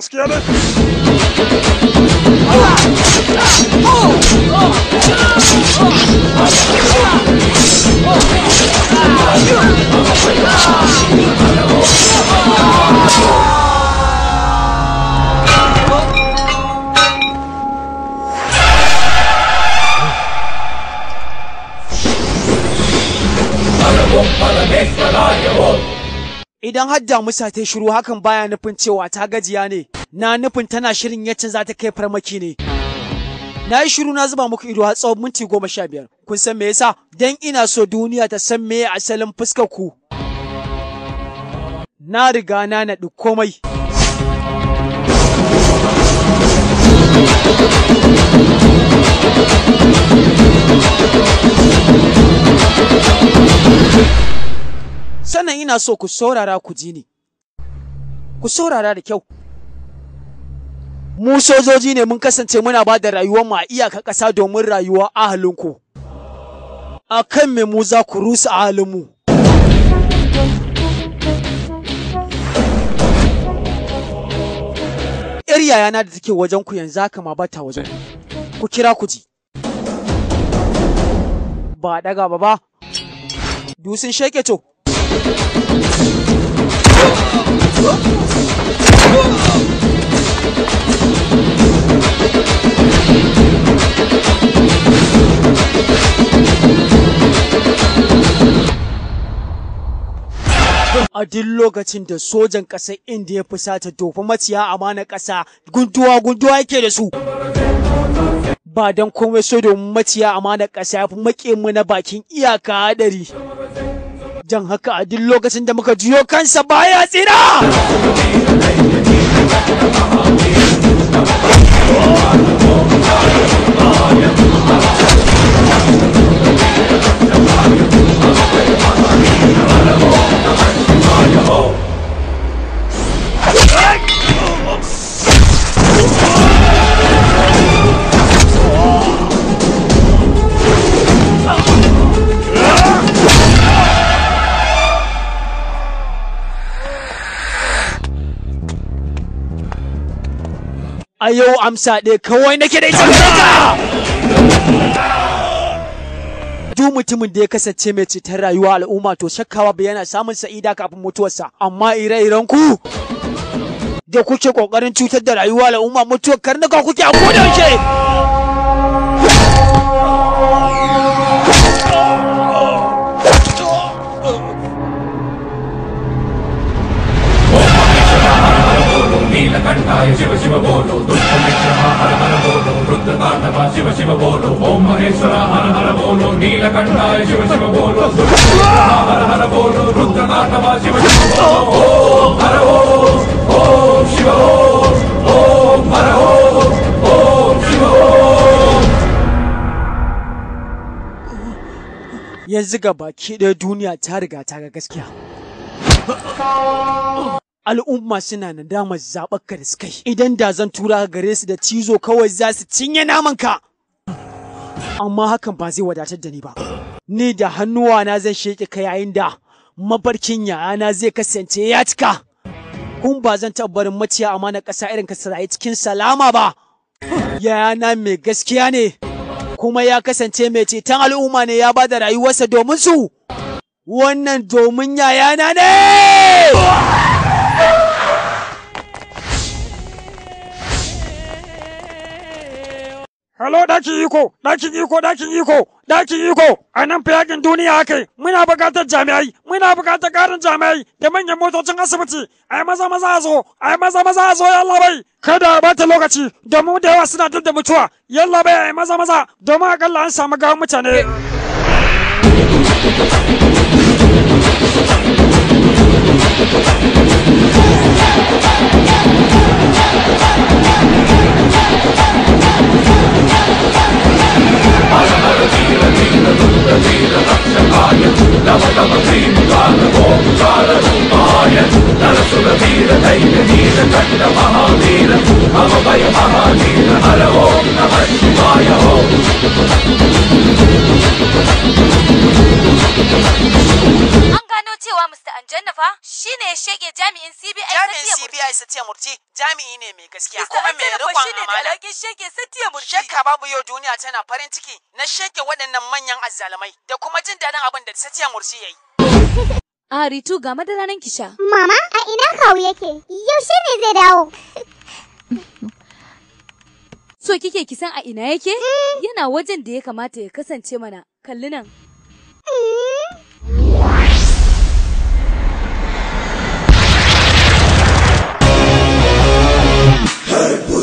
[SPEAKER 1] Idan har musa ta shiru hakan baya nufin cewa ta gajiya ne, na nufin tana shirin yacce za ta kai farmaki ne. Na yi shiru na zuba muku ido har tsawon minti goma sha biyar. Kun san me yasa? don ina so duniya ta san me asalin fuskar ku. Na riga na naɗi komai. sannan ina so ku saurara ku ji ni ku saurara da kyau mu sojoji ne mun kasance muna ba da rayuwar mu a iyaka ƙasa domin rayuwar ahalinku a kan me mu za ku rusa ahalinmu yar yayana da take wajen ku yanzu haka ma bata wajen ku kira ku ji ba daga ba ba dusin sheke to a duk lokacin da sojan ƙasar indiya ya fusata dofa maciya amana ƙasa gunduwa gunduwa yake da su ba dan komai so da maciya amana kasa yafi make mu na bakin iyaka dari dan haka a duk lokacin da muka jiyo kansa baya tsira Oh! a yau amsa ɗaya kawai nake da ita duk mutumin da ya kasance mai cetar rayuwa al'umma to shakkawa bai yana samun sa'ida kafin mutuwarsa amma ire-iren ku da kuke kokarin cutar da rayuwa al'umma mutuwar karnuka kuke a koda yake
[SPEAKER 9] لقد
[SPEAKER 1] yanzu ga baki da duniya ta riga ta ga gaskiya al'umma suna nadamar zaɓar ka da suka yi idan da zan tura gare su da cizo kawai za su cinye naman ka amma hakan ba zai wadatar da ni ba ni da hannuwa na zan sheƙe ka yayin da mabarkin yayana zai kasance ya cika kun ba zan tabbarin maciya amana ƙasa irin ka sarayi cikin salama ba yayana mai gaskiya ne kuma ya kasance mai ceton al'umma ne ya ba da rayuwarsa domin su wannan domin yayana ne
[SPEAKER 5] Halo ɗakin iko, ɗakin iko, ɗakin iko, ɗakin iko, a nan fayakin duniya ake, muna buƙatar jami'ai, muna buƙatar ƙarin jami'ai da manyan motocin asibiti, ai maza maza a zo, ai maza maza a zo yalla bai, kada a bata lokaci, domin da yawa suna duk da mutuwa, yalla bai ai maza maza, domin aƙalla an samu gawan mutane.
[SPEAKER 7] لقد طيب تعلمون تعلم الطاهر
[SPEAKER 4] درست jami'in CBI Satiya Murti jami'i
[SPEAKER 1] ne mai gaskiya kuma mai rikon amala da sheke satiya babu yau duniya tana farin ciki na sheke waɗannan manyan azzalumai da kuma jin daɗin abin da satiya mursi yayi
[SPEAKER 4] a [LAUGHS] ritu ga madara ki mama a ina kawu yake yaushe ne zai dawo [LAUGHS] so kike kisan a ina yake hmm. yana wajen da ya kamata ya kasance mana kalli nan hmm. Hey!